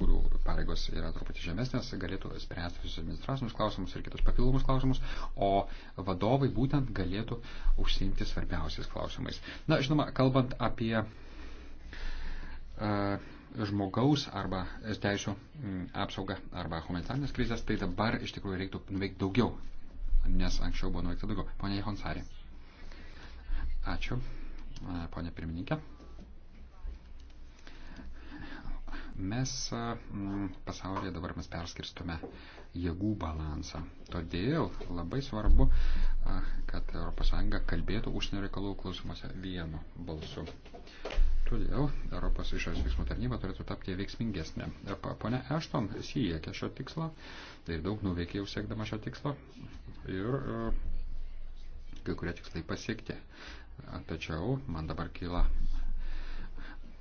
kurių pareigos yra truputį žemesnės, galėtų spręsti visus administracinius klausimus ir kitus papildomus klausimus, o vadovai būtent galėtų užsiimti svarbiausiais klausimais. Na, žinoma, kalbant apie žmogaus arba teisų apsaugą arba humanitarnės krizės, tai dabar iš tikrųjų reiktų nuveikti daugiau, nes anksčiau buvo nuveikta daugiau. Pone Jehonsarė. Ačiū, e, ponė pirmininkė. Mes e, pasaulyje dabar mes perskirstume jėgų balansą. Todėl labai svarbu, e, kad ES kalbėtų užsienio reikalų klausimuose vienu balsu. Todėl Europos išorės veiksmų tarnyba turėtų tapti veiksmingesnė. Pone Ešton siekia šio tikslo ir tai daug nuveikė jau siekdama šio tikslo. Ir kai kurie tikslai pasiekti. Tačiau man dabar kyla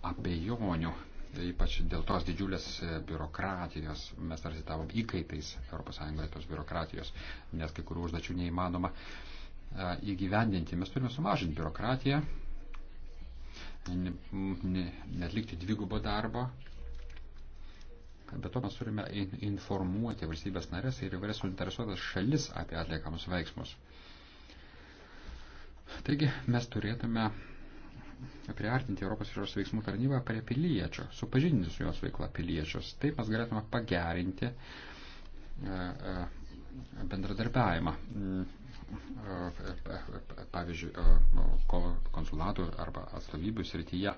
abejonių, tai ypač dėl tos didžiulės e, biurokratijos. Mes tarsi tavom įkaitais ES tos biurokratijos, nes kai kurių užduočių neįmanoma e, įgyvendinti. Mes turime sumažinti biurokratiją, netlikti dvigubo darbo. Bet to mes turime informuoti valstybės narės ir įvairias suinteresuotas šalis apie atliekamus veiksmus. Taigi mes turėtume priartinti Europos išorės veiksmų tarnybą prie piliečio, supažindinti su jos veikla piliečius. Taip mes galėtume pagerinti e, e, bendradarbiavimą. Mm, e, pavyzdžiui, konsulatų arba atstovybių srityje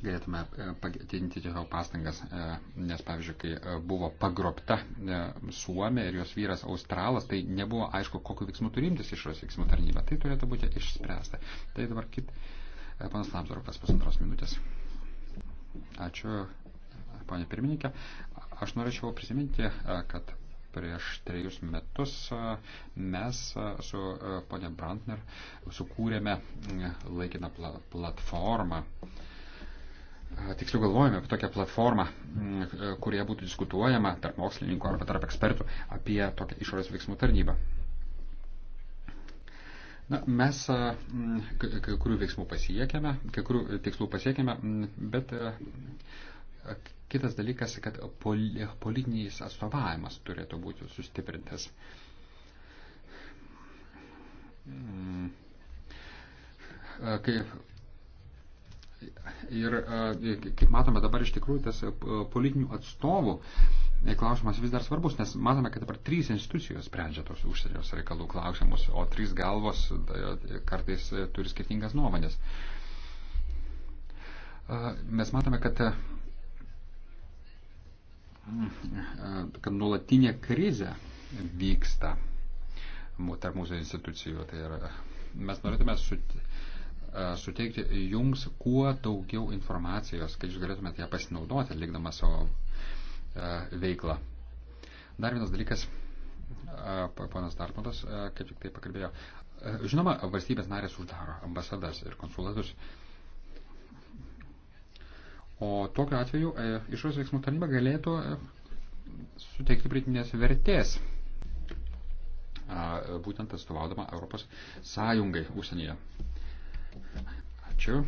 galėtume e, padidinti savo pastangas, e, nes, pavyzdžiui, kai e, buvo pagrobta Suomė ir jos vyras Australas, tai nebuvo aišku, kokiu veiksmu turi imtis išorės veiksmų tarnyba. Tai turėtų būti išspręsta. Tai dabar kit, panas Lamsdorfas, pusantros minutės. Ačiū, ponė pirmininkė. Aš norėčiau prisiminti, kad prieš trejus metus mes su ponė Brantner sukūrėme laikiną platformą tiksliau galvojame apie tokią platformą, mm, kurioje būtų diskutuojama tarp mokslininkų arba tarp ekspertų apie tokią išorės veiksmų tarnybą. Na, mes mm, kai kurių veiksmų pasiekėme, kai kurių e, tikslų pasiekėme, mm, bet e, kitas dalykas, kad politinis atstovavimas turėtų būti sustiprintas. Kai Ir kaip matome dabar iš tikrųjų tas politinių atstovų e, klausimas vis dar svarbus, nes matome, kad dabar trys institucijos sprendžia tos užsienio reikalų klausimus, o trys galvos e, kartais e, turi skirtingas nuomonės. Mes matome, kad kad nuolatinė krizė vyksta tarp mūsų institucijų. Tai yra, mes norėtume sutikti suteikti jums kuo daugiau informacijos, kad jūs galėtumėte ją pasinaudoti, likdama savo veiklą. Dar vienas dalykas, ponas Dartmatas, kaip tik tai pakalbėjo. Žinoma, valstybės narės uždaro ambasadas ir konsulatus. O tokiu atveju išorės veiksmų tarnyba galėtų suteikti pritinės vertės, būtent atstovaudama Europos Sąjungai užsienyje. Ačiū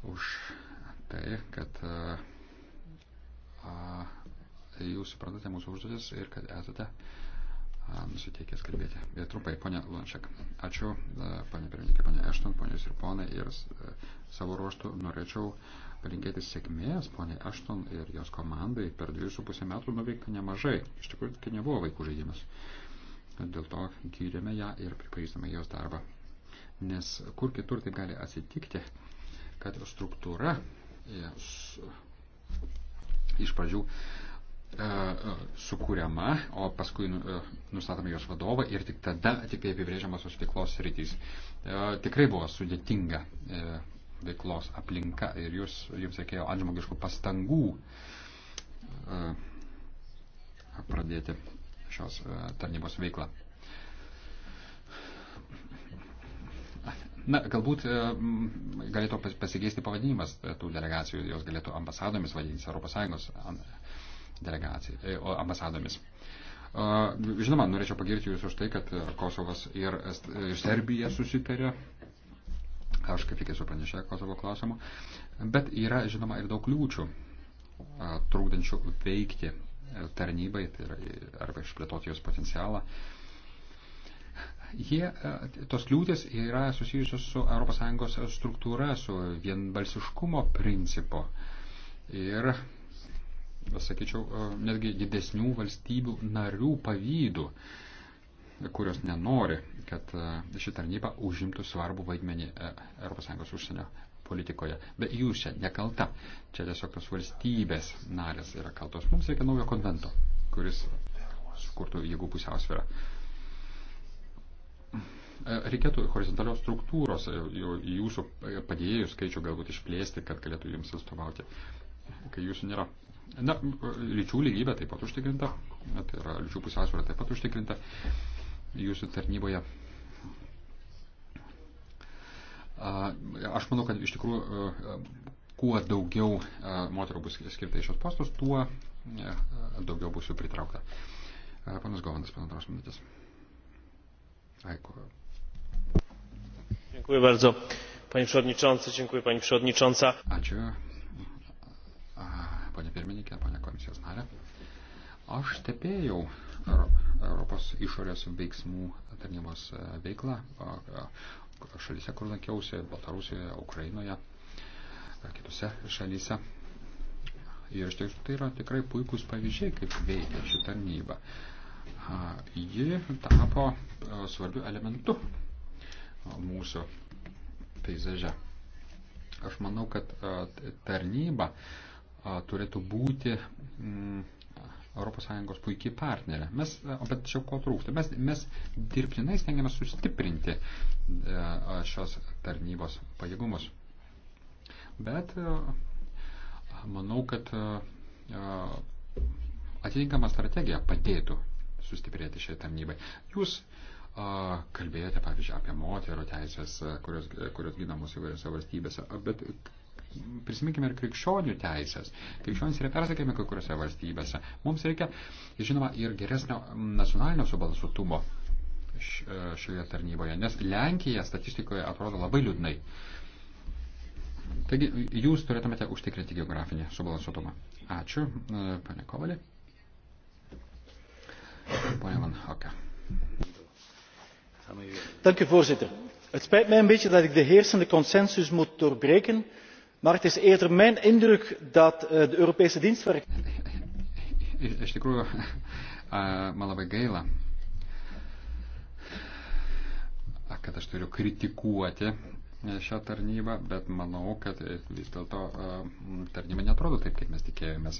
už tai, kad a, a, jūs suprantate mūsų užduotis ir kad esate a, nusiteikęs kalbėti. Bet trumpai, ponia Lonček, ačiū, ponia Pirmininkė, ponia Ešton, ponios ir ponai, ir a, savo ruoštų norėčiau palinkėti sėkmės poniai Ešton ir jos komandai per 2,5 metų nuveikta nemažai. Iš tikrųjų, tai nebuvo vaikų žaidimas. Dėl to gyrėme ją ir pripažįstame jos darbą nes kur kitur tai gali atsitikti, kad struktūra iš pradžių e, e, sukūriama, o paskui nu, e, nustatome jos vadovą ir tik tada tik tai apibrėžiamas tos veiklos rytys. Tikrai buvo sudėtinga veiklos aplinka ir jūs, jums reikėjo antžmogiškų pastangų pradėti šios tarnybos veiklą. Na, galbūt e, galėtų pasikeisti pavadinimas e, tų delegacijų, jos galėtų ambasadomis vadintis, ES e, ambasadomis. Žinoma, norėčiau pagirti Jūs už tai, kad Kosovas ir Serbija susitarė. Aš kaip tik esu pranešę Kosovo klausimu. Bet yra, žinoma, ir daug kliūčių trūkdančių veikti tarnybai tai yra, arba išplėtoti jos potencialą. Uh, Jie, e, tos kliūtis yra susijusios su ES struktūra, su vienbalsiškumo principu ir, sakyčiau, e, netgi didesnių valstybių narių pavydų kurios nenori, kad e, ši tarnyba užimtų svarbų vaidmenį ES užsienio politikoje. Bet jūs čia nekalta. Čia tiesiog tos valstybės narės yra kaltos. Mums reikia naujo konvento, kuris sukurtų jėgų pusiausvyrą. E, reikėtų horizontalios struktūros e, jūsų padėjėjų skaičių galbūt išplėsti, kad galėtų jums atstovauti, kai jūsų nėra. Na, lyčių lygybė taip pat užtikrinta, tai yra lyčių pusiausvėra taip pat užtikrinta jūsų tarnyboje. Aš manau, kad iš tikrųjų, e, kuo daugiau moterų bus skirta iš šios postos, tuo daugiau bus jų pritraukta. Panas Govanas, panas, minutės. Aiko. Dziękuję bardzo, panie przewodniczący, dziękuję pani przewodnicząca. Ačiū, ponė pirmininkė, ponė komisijos narė. Aš stebėjau Europos išorės veiksmų tarnybos e, veiklą šalyse, kur lankiausi, Baltarusijoje, Ukrainoje, kitose šalyse. Ir iš tiesų tai yra tikrai puikūs pavyzdžiai, kaip veikia ši tarnyba. Ji tapo e, svarbiu elementu mūsų peizaže. Aš manau, kad tarnyba turėtų būti mm, ES puikiai partnerė. Mes, bet čia ko trūksta? Mes, mes dirbtinai stengiamės sustiprinti šios tarnybos pajėgumus. Bet manau, kad atitinkama strategija padėtų sustiprėti šiai tarnybai. Jūs uh, kalbėjote, pavyzdžiui, apie moterų teisės, kurios, kurios ginamos įvairiose valstybėse, bet prisiminkime ir krikščionių teisės. Krikščionys yra persakėmi kai kuriuose valstybėse. Mums reikia, žinoma, ir geresnio nacionalinio subalansuotumo šioje tarnyboje, nes Lenkija statistikoje atrodo labai liūdnai. Taigi, jūs turėtumėte užtikrinti geografinį subalansuotumą. Ačiū, pane Kovalė. Pone Van Hoke voorzitter het spijt mij een beetje dat ik de heersende consensus moet doorbreken maar het is eerder mijn indruk dat eh, de europese dienst voor externe kad aš turiu kritikuoti šią tarnybą, bet manau, kad vis dėlto tarnyba netrodo taip, kaip mes tikėjomės.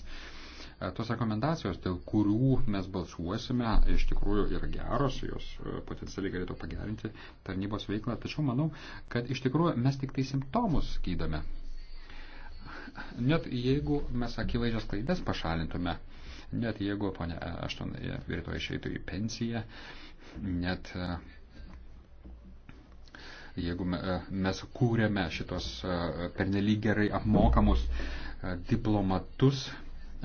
E, tos rekomendacijos, dėl kurių mes balsuosime, iš tikrųjų yra geros, jos e, potencialiai galėtų pagerinti tarnybos veiklą, tačiau manau, kad iš tikrųjų mes tik tai simptomus gydame. Net jeigu mes akivaizdžias klaidas pašalintume, net jeigu ponia e, Ašton rytoj išeitų į pensiją, net jeigu mes kūrėme šitos pernelyg gerai apmokamus diplomatus,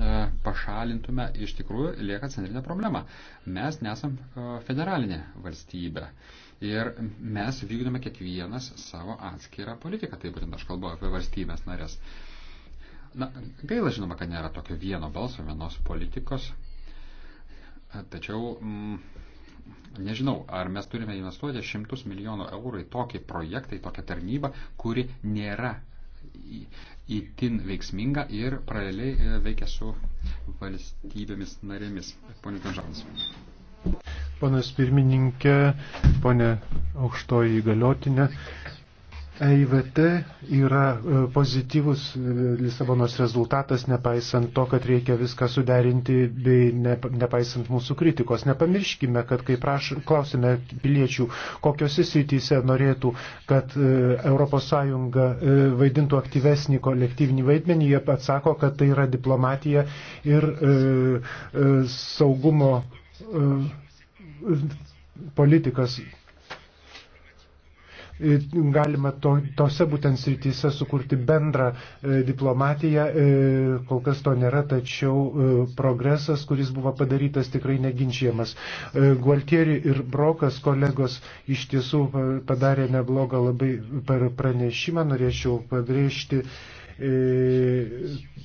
E, pašalintume, iš tikrųjų lieka centrinė problema. Mes nesam e, federalinė valstybė. Ir mes vykdome kiekvienas savo atskirą politiką. Tai būtent aš kalbu apie valstybės narės. Na, gaila žinoma, kad nėra tokio vieno balso, vienos politikos. Tačiau, mm, nežinau, ar mes turime investuoti šimtus milijonų eurų į tokį projektą, į tokią tarnybą, kuri nėra įtin veiksminga ir paraleliai e, veikia su valstybėmis narėmis. Pone Kanžalas. Panas pirmininkė, ponė aukštoji įgaliotinė, EIVT yra e, pozityvus e, Lisabonos rezultatas, nepaisant to, kad reikia viską suderinti, bei ne, nepaisant mūsų kritikos. Nepamirškime, kad kai praš, klausime piliečių, kokiuose srityse norėtų, kad ES e, vaidintų aktyvesnį kolektyvinį vaidmenį, jie atsako, kad tai yra diplomatija ir e, e, saugumo e, politikas galima to, tose būtent srityse sukurti bendrą e, diplomatiją. E, kol kas to nėra, tačiau e, progresas, kuris buvo padarytas, tikrai neginčiamas. Gualtieri ir Brokas kolegos iš tiesų padarė neblogą labai pranešimą, norėčiau pabrėžti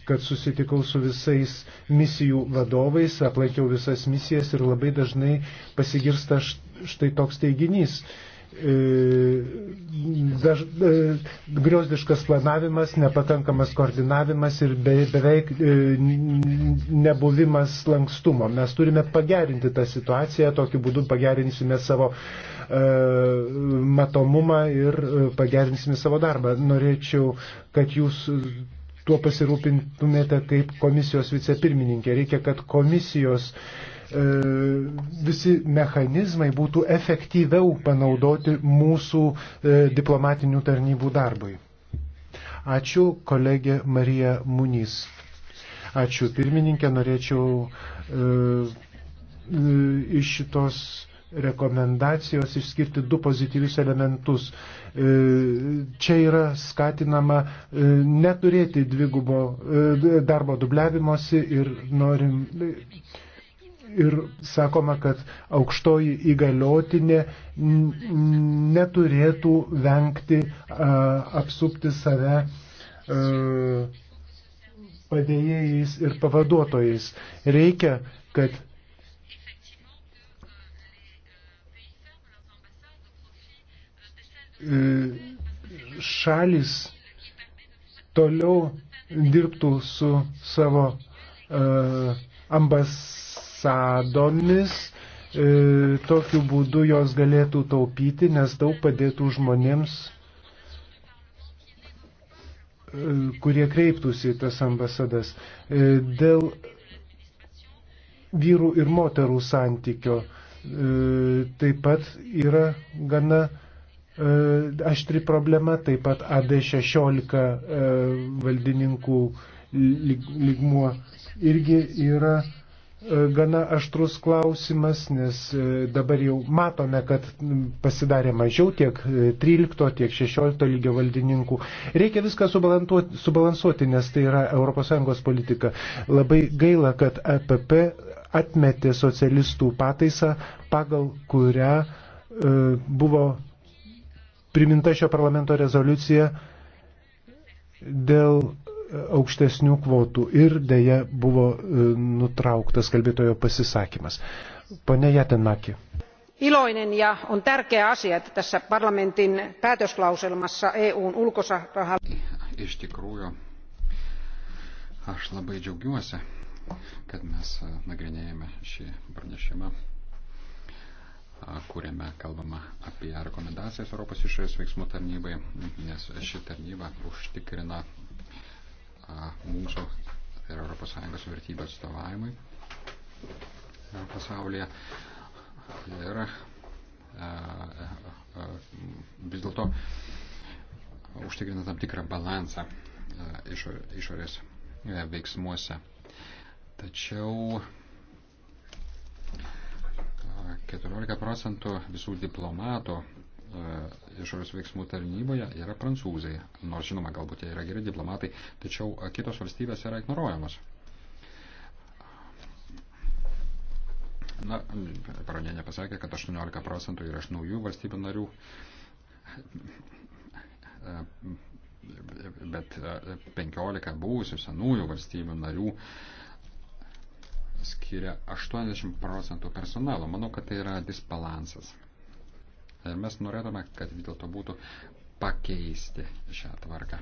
kad susitikau su visais misijų vadovais, aplankiau visas misijas ir labai dažnai pasigirsta štai toks teiginys. E, E, daž, e, griozdiškas planavimas, nepakankamas koordinavimas ir be, beveik e, nebuvimas lankstumo. Mes turime pagerinti tą situaciją, tokiu būdu pagerinsime savo matomumą ir pagerinsime savo darbą. Norėčiau, kad jūs tuo pasirūpintumėte kaip komisijos vicepirmininkė. Reikia, kad komisijos uh, E, visi mechanizmai būtų efektyviau panaudoti mūsų e, diplomatinių tarnybų darbui. Ačiū kolegė Marija Munys. Ačiū pirmininkė, norėčiau e, iš šitos rekomendacijos išskirti du pozityvius elementus. Čia yra skatinama neturėti dvigubo darbo dubliavimosi ir norim ir sakoma, kad aukštoji įgaliotinė neturėtų vengti a, apsupti save a, padėjėjais ir pavaduotojais. Reikia, kad e, šalis toliau dirbtų su savo uh, ambas, ambasadomis. E, tokiu būdu jos galėtų taupyti, nes daug padėtų žmonėms, e, kurie kreiptųsi į tas ambasadas. E, dėl vyrų ir moterų santykio e, taip pat yra gana e, aštri problema, taip pat AD16 e, valdininkų lygmuo irgi yra E, gana aštrus klausimas, nes e, dabar jau matome, kad pasidarė mažiau tiek 13, e, tiek 16 lygio valdininkų. Reikia viską subalansuoti, nes tai yra ES politika. Labai gaila, kad APP atmetė socialistų pataisą, pagal kurią buvo priminta šio parlamento rezoliucija dėl aukštesnių kvotų ir dėja buvo e, nutrauktas kalbėtojo pasisakymas. Pone Jatenmaki. Iloinen ja on tärkeä asia, että tässä parlamentin päätöslauselmassa EUn ulkosahrahal... Iš tikrųjų, aš labai džiaugiuosi, kad mes e, nagrinėjame šį pranešimą kuriame kalbama apie rekomendacijas Europos išorės veiksmų tarnybai, nes ši tarnyba užtikrina mūsų ir ES vertybės atstovavimui pasaulyje. Ir e, e, e, vis dėlto užtikrina tam tikrą balansą išorės veiksmuose. Tačiau 14 procentų visų diplomatų E, išorės veiksmų tarnyboje yra prancūzai. Nors žinoma, galbūt jie yra geri diplomatai, tačiau e, kitos valstybės yra ignoruojamos. Na, Baronienė pasakė, kad 18 procentų yra iš naujų valstybių narių. E, bet 15 buvusių senųjų valstybių narių skiria 80 procentų personalo. Manau, kad tai yra disbalansas. Ir mes norėtume, kad vis dėlto būtų pakeisti šią tvarką.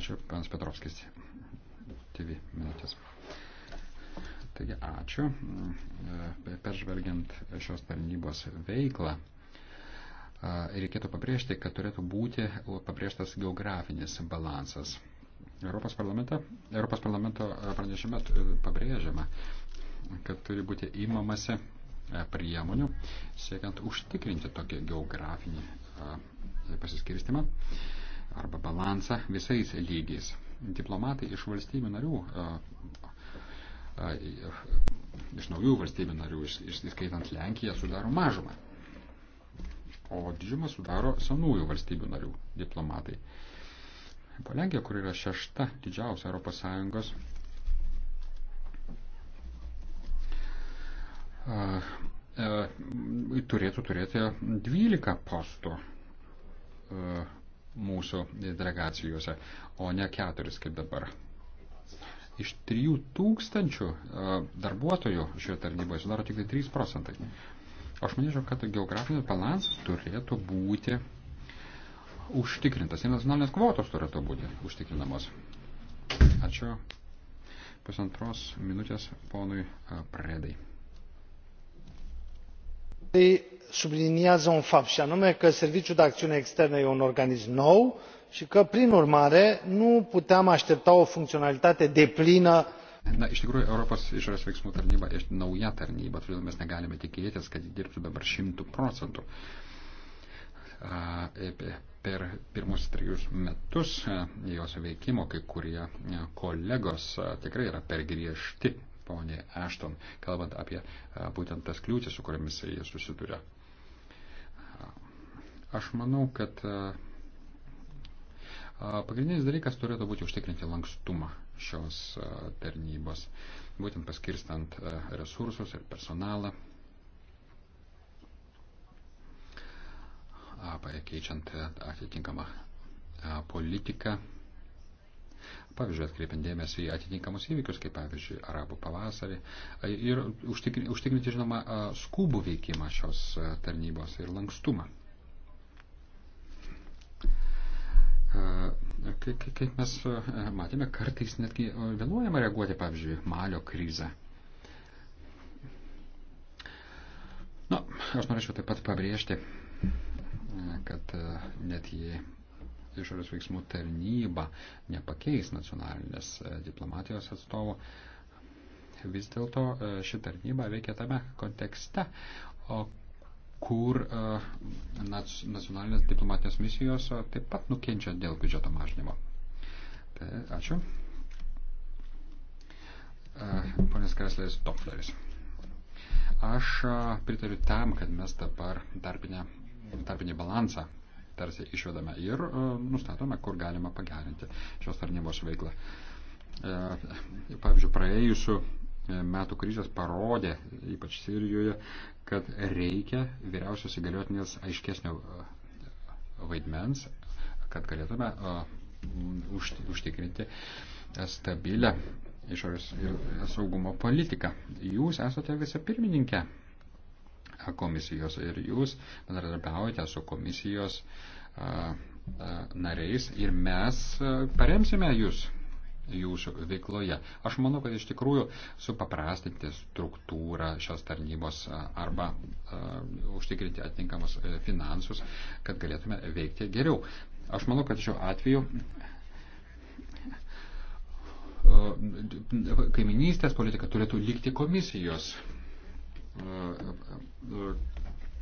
Ačiū, panas Petrovskis, TV minutės. Taigi, ačiū. E, peržvelgiant šios tarnybos veiklą, reikėtų pabrėžti, kad turėtų būti pabrėžtas geografinis balansas. Europos, Europos parlamento pranešime pabrėžiama, kad turi būti įmamasi E, priemonių, siekiant užtikrinti tokį geografinį e, pasiskirstimą arba balansą visais lygiais. Diplomatai iš valstybių narių, e, iš naujų valstybių narių, išskaitant Lenkiją, sudaro mažumą. O didžiumą sudaro senųjų valstybių narių diplomatai. Po Lenkiją, kur yra šešta didžiausia ES E, turėtų turėti 12 postų e, mūsų delegacijose, o ne 4 kaip dabar. Iš 3000 e, darbuotojų šioje tarnyboje sudaro tik 3 tai procentai. Aš manyčiau, kad geografinis balansas turėtų būti užtikrintas ir nacionalinės kvotos turėtų būti užtikrinamos. Ačiū. Pusantros minutės ponui Predai subliniază un fapt și anume că serviciul de acțiune externă este un organism nou și că prin urmare nu puteam aștepta o funcționalitate deplină Na, iš tikrųjų, Europos išorės veiksmų tarnyba yra e nauja tarnyba, todėl mes negalime tikėtis, kad ji dirbtų dabar šimtų procentų. E, per pirmus trijus metus jos veikimo kai kurie kolegos tikrai yra per griežti ponė Ashton, kalbant apie e, būtent tas kliūtis, su kuriamis jie susiduria. Aš manau, kad e, pagrindinis dalykas turėtų būti užtikrinti lankstumą šios e, tarnybos, būtent paskirstant resursus ir personalą, keičiant atitinkamą politiką Pavyzdžiui, atkreipiant dėmesį į atitinkamus įvykius, kaip pavyzdžiui, arabų pavasarį. Ir užtikrinti, žinoma, skubų veikimą šios tarnybos ir lankstumą. Kaip mes matėme, kartais netgi vėluojama reaguoti, pavyzdžiui, malio krizę. Na, aš norėčiau taip pat pabrėžti, kad net jei išorės veiksmų tarnyba nepakeis nacionalinės e, diplomatijos atstovų. Vis dėlto e, ši tarnyba veikia tame kontekste, kur e, nacionalinės diplomatinės misijos taip pat nukenčia dėl biudžeto mažinimo. Tai ačiū. Ponas Kresleris Topleris. Aš pritariu tam, kad mes dabar darbinę, darbinį balansą tarsi išvedame ir e, nustatome, kur galima pagerinti šios tarnybos veiklą. E, pavyzdžiui, praėjusiu e, metų krizės parodė, ypač Sirijoje, kad reikia vyriausios įgaliotinės aiškesnio vaidmens, kad galėtume užtikrinti stabilę išorės ir saugumo politiką. Jūs esate vice pirmininkė komisijos ir jūs bendradarbiaujate su komisijos nariais ir mes paremsime jūs jūsų veikloje. Aš manau, kad iš tikrųjų supaprastinti struktūrą šios tarnybos arba uh, užtikrinti atitinkamus e, finansus, kad galėtume veikti geriau. Aš manau, kad šiuo atveju kaiminystės politika turėtų likti komisijos E, e,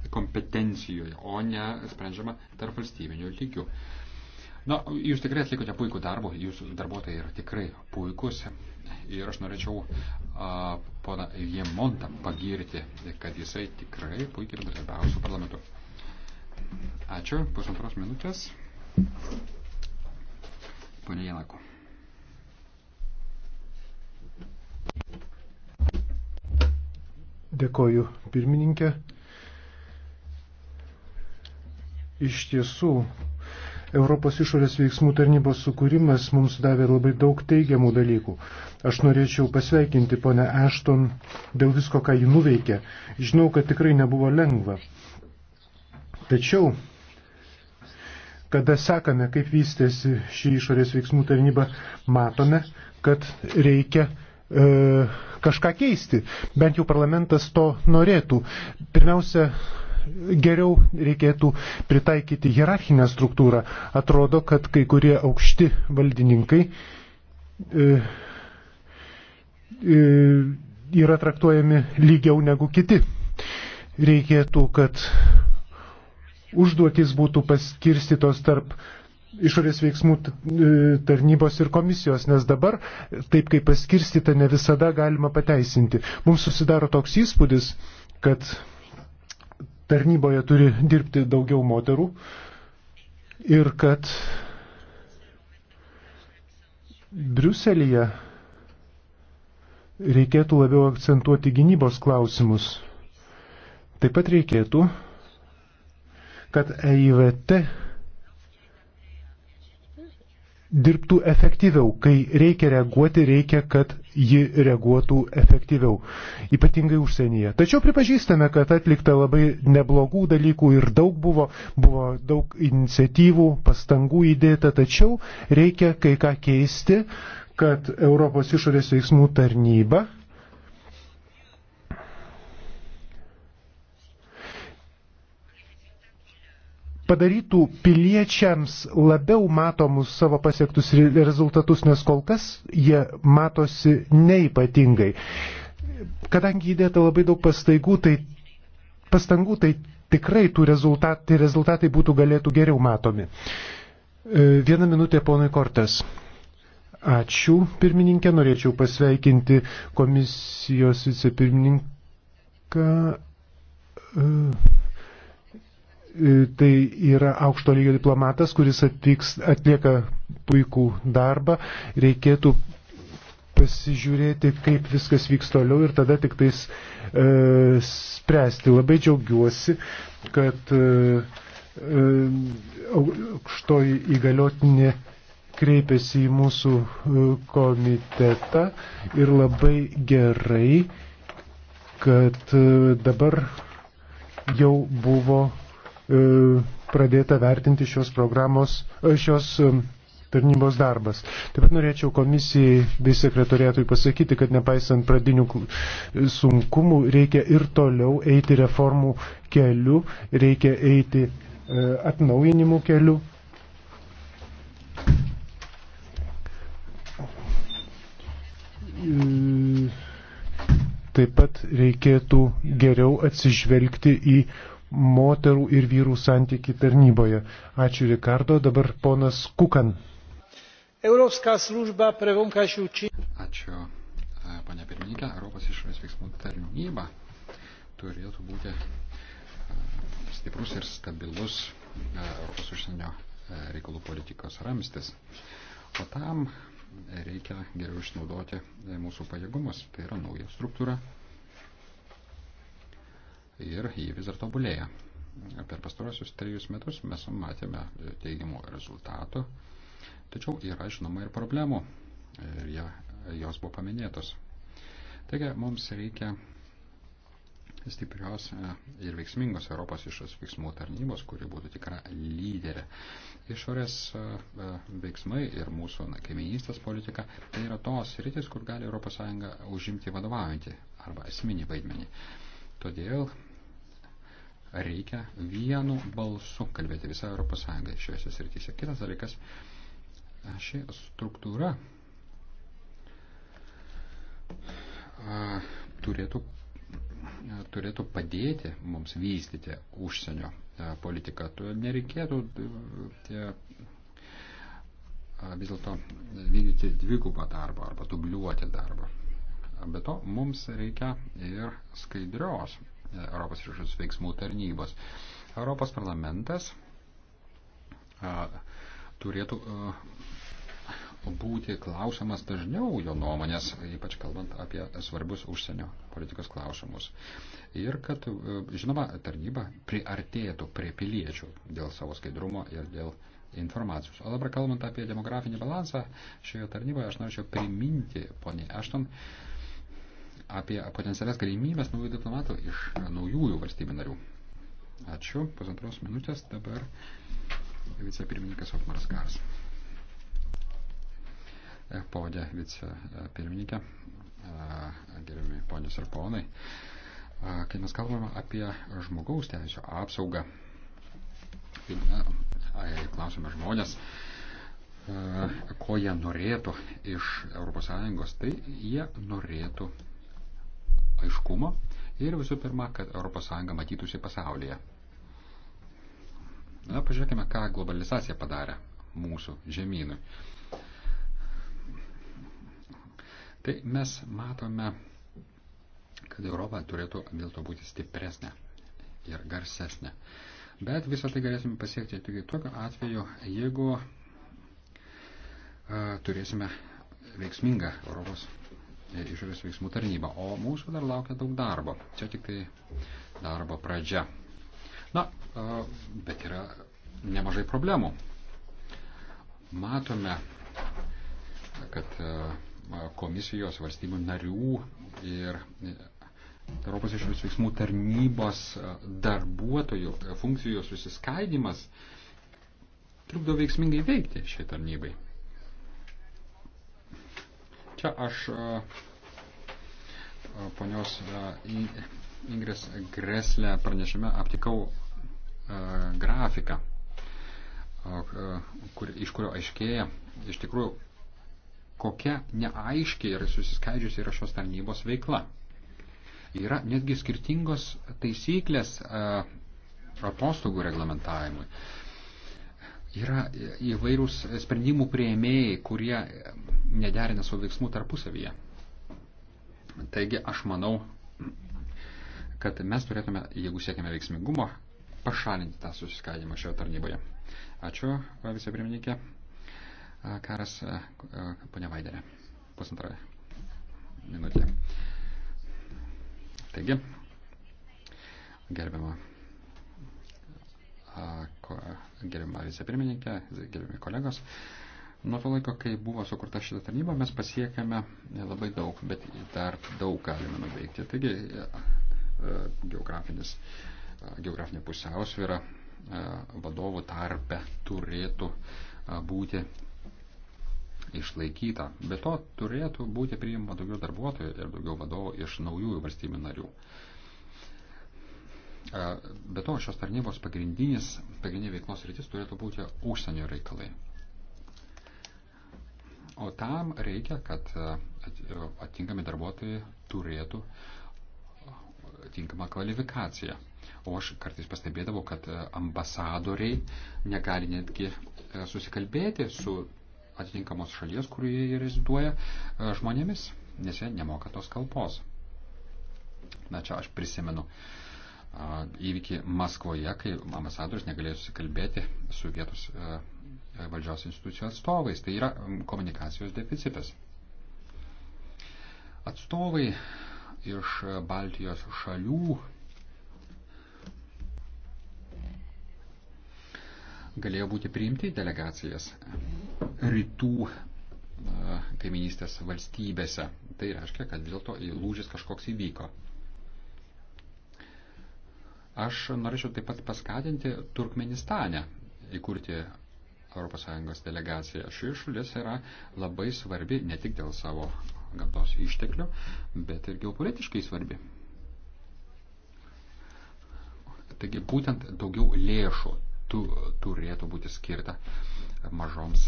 e, kompetencijoje, o ne sprendžiama tarp valstybinių lygių. Na, jūs tikrai atlikote puikų darbą, jūsų darbuotojai yra tikrai puikus ir aš norėčiau a, pana Viemontą pagirti, kad jisai tikrai puikiai bendradarbiavo su parlamentu. Ačiū, pusantros minutės. Pane Janako. Dėkoju pirmininkė. Iš tiesų, Europos išorės veiksmų tarnybos sukūrimas mums davė labai daug teigiamų dalykų. Aš norėčiau pasveikinti ponę Ashton dėl visko, ką ji nuveikė. Žinau, kad tikrai nebuvo lengva. Tačiau, kada sekame, kaip vystėsi šį išorės veiksmų tarnybą, matome, kad reikia e, kažką keisti. Bent jau parlamentas to norėtų. Pirmiausia, geriau reikėtų pritaikyti hierarchinę struktūrą. Atrodo, kad kai kurie aukšti valdininkai e, e, yra traktuojami lygiau negu kiti. Reikėtų, kad užduotis būtų paskirstytos tarp e, išorės veiksmų e, tarnybos ir komisijos, nes dabar, taip kaip paskirstyta, ne visada galima pateisinti. Mums susidaro toks įspūdis, kad tarnyboje turi dirbti daugiau moterų ir kad Briuselėje reikėtų labiau akcentuoti gynybos klausimus. Taip pat reikėtų, kad EIVT dirbtų efektyviau. Kai reikia reaguoti, reikia, kad ji reaguotų efektyviau, ypatingai užsienyje. Tačiau pripažįstame, kad atlikta labai neblogų dalykų ir daug buvo, buvo daug iniciatyvų, pastangų įdėta, tačiau reikia kai ką keisti, kad Europos išorės veiksmų tarnyba padarytų piliečiams labiau matomus savo pasiektus rezultatus, nes kol kas jie matosi neipatingai. Kadangi įdėta labai daug pastaigų, tai pastangų, tai tikrai tų rezultatai, rezultatai būtų galėtų geriau matomi. E, viena minutė ponui Kortas. Ačiū, pirmininkė. Norėčiau pasveikinti komisijos vicepirmininką. Uh. E, tai yra aukšto lygio diplomatas, kuris atvyks, atlieka puikų darbą. Reikėtų pasižiūrėti, kaip viskas vyks toliau ir tada tik tais e, spręsti. Labai džiaugiuosi, kad e, e aukštoji įgaliotinė kreipėsi į mūsų e, komitetą ir labai gerai, kad dabar jau buvo E, pradėta vertinti šios programos, e, šios e, tarnybos darbas. Taip pat norėčiau komisijai bei sekretoriatui pasakyti, kad nepaisant pradinių sunkumų, reikia ir toliau eiti reformų keliu, reikia eiti e, atnaujinimų keliu. Taip pat reikėtų geriau atsižvelgti į moterų ir vyrų santyki tarnyboje. Ačiū Rikardo, dabar ponas Kukan. Europska služba prevonka šiuči. Ačiū, e, panė pirmininkė. Europos išorės veiksmų tarnyba turėtų būti e, stiprus ir stabilus e, Europos užsienio reikalų politikos ramstis. O tam reikia geriau išnaudoti mūsų pajėgumus. Tai yra nauja struktūra, ir jie vis dar tobulėja. Per pastarosius trejus metus mes matėme teigiamų rezultatų, tačiau yra žinoma ir problemų ir jie, jos buvo paminėtos. Taigi mums reikia stiprios e, ir veiksmingos Europos išorės veiksmų tarnybos, kuri būtų tikra lyderė. Išorės e, e, veiksmai ir mūsų kaiminystės politika tai yra tos rytis, kur gali ES užimti vadovaujantį arba esminį vaidmenį. Todėl reikia vienu balsu kalbėti visą Europos Sąjungą šiuose srityse. Kitas dalykas, ši struktūra a, turėtų, a, turėtų padėti mums vystyti užsienio a, politiką. Tu nereikėtų tie, a, vis dėlto vykdyti dvigubą darbą arba dubliuoti darbą. Be to, mums reikia ir skaidrios Europos išorės veiksmų tarnybos. Europos parlamentas a, turėtų a, būti klausimas dažniau jo nuomonės, ypač kalbant apie svarbius užsienio politikos klausimus. Ir kad, žinoma, tarnyba priartėtų prie piliečių dėl savo skaidrumo ir dėl informacijos. O dabar kalbant apie demografinį balansą šioje tarnyboje, aš norėčiau priminti, poniai Ašton, aš apie potencialias galimybės naujų diplomatų iš naujųjų valstybių narių. Ačiū. Pusantros minutės dabar vicepirmininkas Otmaras Karas. E, Pavadė vicepirmininkė, e, gerbiami ponios ir ponai. E, kai mes kalbame apie žmogaus teisų apsaugą, tai klausome žmonės, ko jie norėtų iš ES, tai jie norėtų aiškumo ir visų pirma, kad ES matytųsi pasaulyje. Na, pažiūrėkime, ką globalizacija padarė mūsų žemynui. Tai mes matome, kad Europa turėtų dėl to būti stipresnė ir garsesnė. Bet visą tai galėsime pasiekti tik tokiu atveju, jeigu uh, turėsime veiksmingą Europos E, išorės veiksmų tarnybą. O mūsų dar laukia daug darbo. Čia tik tai darbo pradžia. Na, e, bet yra nemažai problemų. Matome, kad e, komisijos valstybių narių ir Europos išorės veiksmų tarnybos darbuotojų funkcijų susiskaidimas trukdo veiksmingai veikti šiai tarnybai. Čia aš e, e, ponios e, Ingris Greslė pranešime aptikau grafiką, kur, iš kurio aiškėja iš tikrųjų, kokia neaiškiai ir susiskaidžiusi yra šios tarnybos veikla. Yra netgi skirtingos taisyklės atostogų reglamentavimui. Yra įvairūs sprendimų prieimėjai, kurie nederina savo veiksmų tarpusavyje. Taigi aš manau, kad mes turėtume, jeigu siekime veiksmingumo, pašalinti tą susiskaidimą šioje tarnyboje. Ačiū, vicepirmininkė. Karas, ponia Vaiderė, pusantrą minutę. Taigi, gerbiama gerbiama vicepirmininkė, gerbiami kolegos. Nuo to laiko, kai buvo sukurta šita tarnyba, mes pasiekėme labai daug, bet dar daug galime nuveikti. Taigi, geografinis, geografinė pusiausvėra vadovų tarpe turėtų būti išlaikyta. Be to turėtų būti priimama daugiau darbuotojų ir daugiau vadovų iš naujųjų valstybių narių. Be to, šios tarnybos pagrindinis, pagrindinė veiklos rytis turėtų būti užsienio reikalai. O tam reikia, kad atitinkami darbuotojai turėtų tinkamą kvalifikaciją. O aš kartais pastebėdavau, kad ambasadoriai negali netgi susikalbėti su atitinkamos šalies, kurioje jie reziduoja, žmonėmis, nes jie nemoka tos kalbos. Na čia aš prisimenu uh, įvykį Maskvoje, kai ambasadorius negalėjo susikalbėti su vietos valdžios institucijų atstovais. Tai yra komunikacijos deficitas. Atstovai iš Baltijos šalių galėjo būti priimti į delegacijas rytų kaiminystės valstybėse. Tai reiškia, kad vis dėlto lūžis kažkoks įvyko. Aš norėčiau taip pat paskatinti Turkmenistane įkurti ES delegaciją. Ši šalis yra labai svarbi ne tik dėl savo gamtos išteklių, bet ir geopolitiškai svarbi. Taigi būtent daugiau lėšų tu, turėtų būti skirta mažoms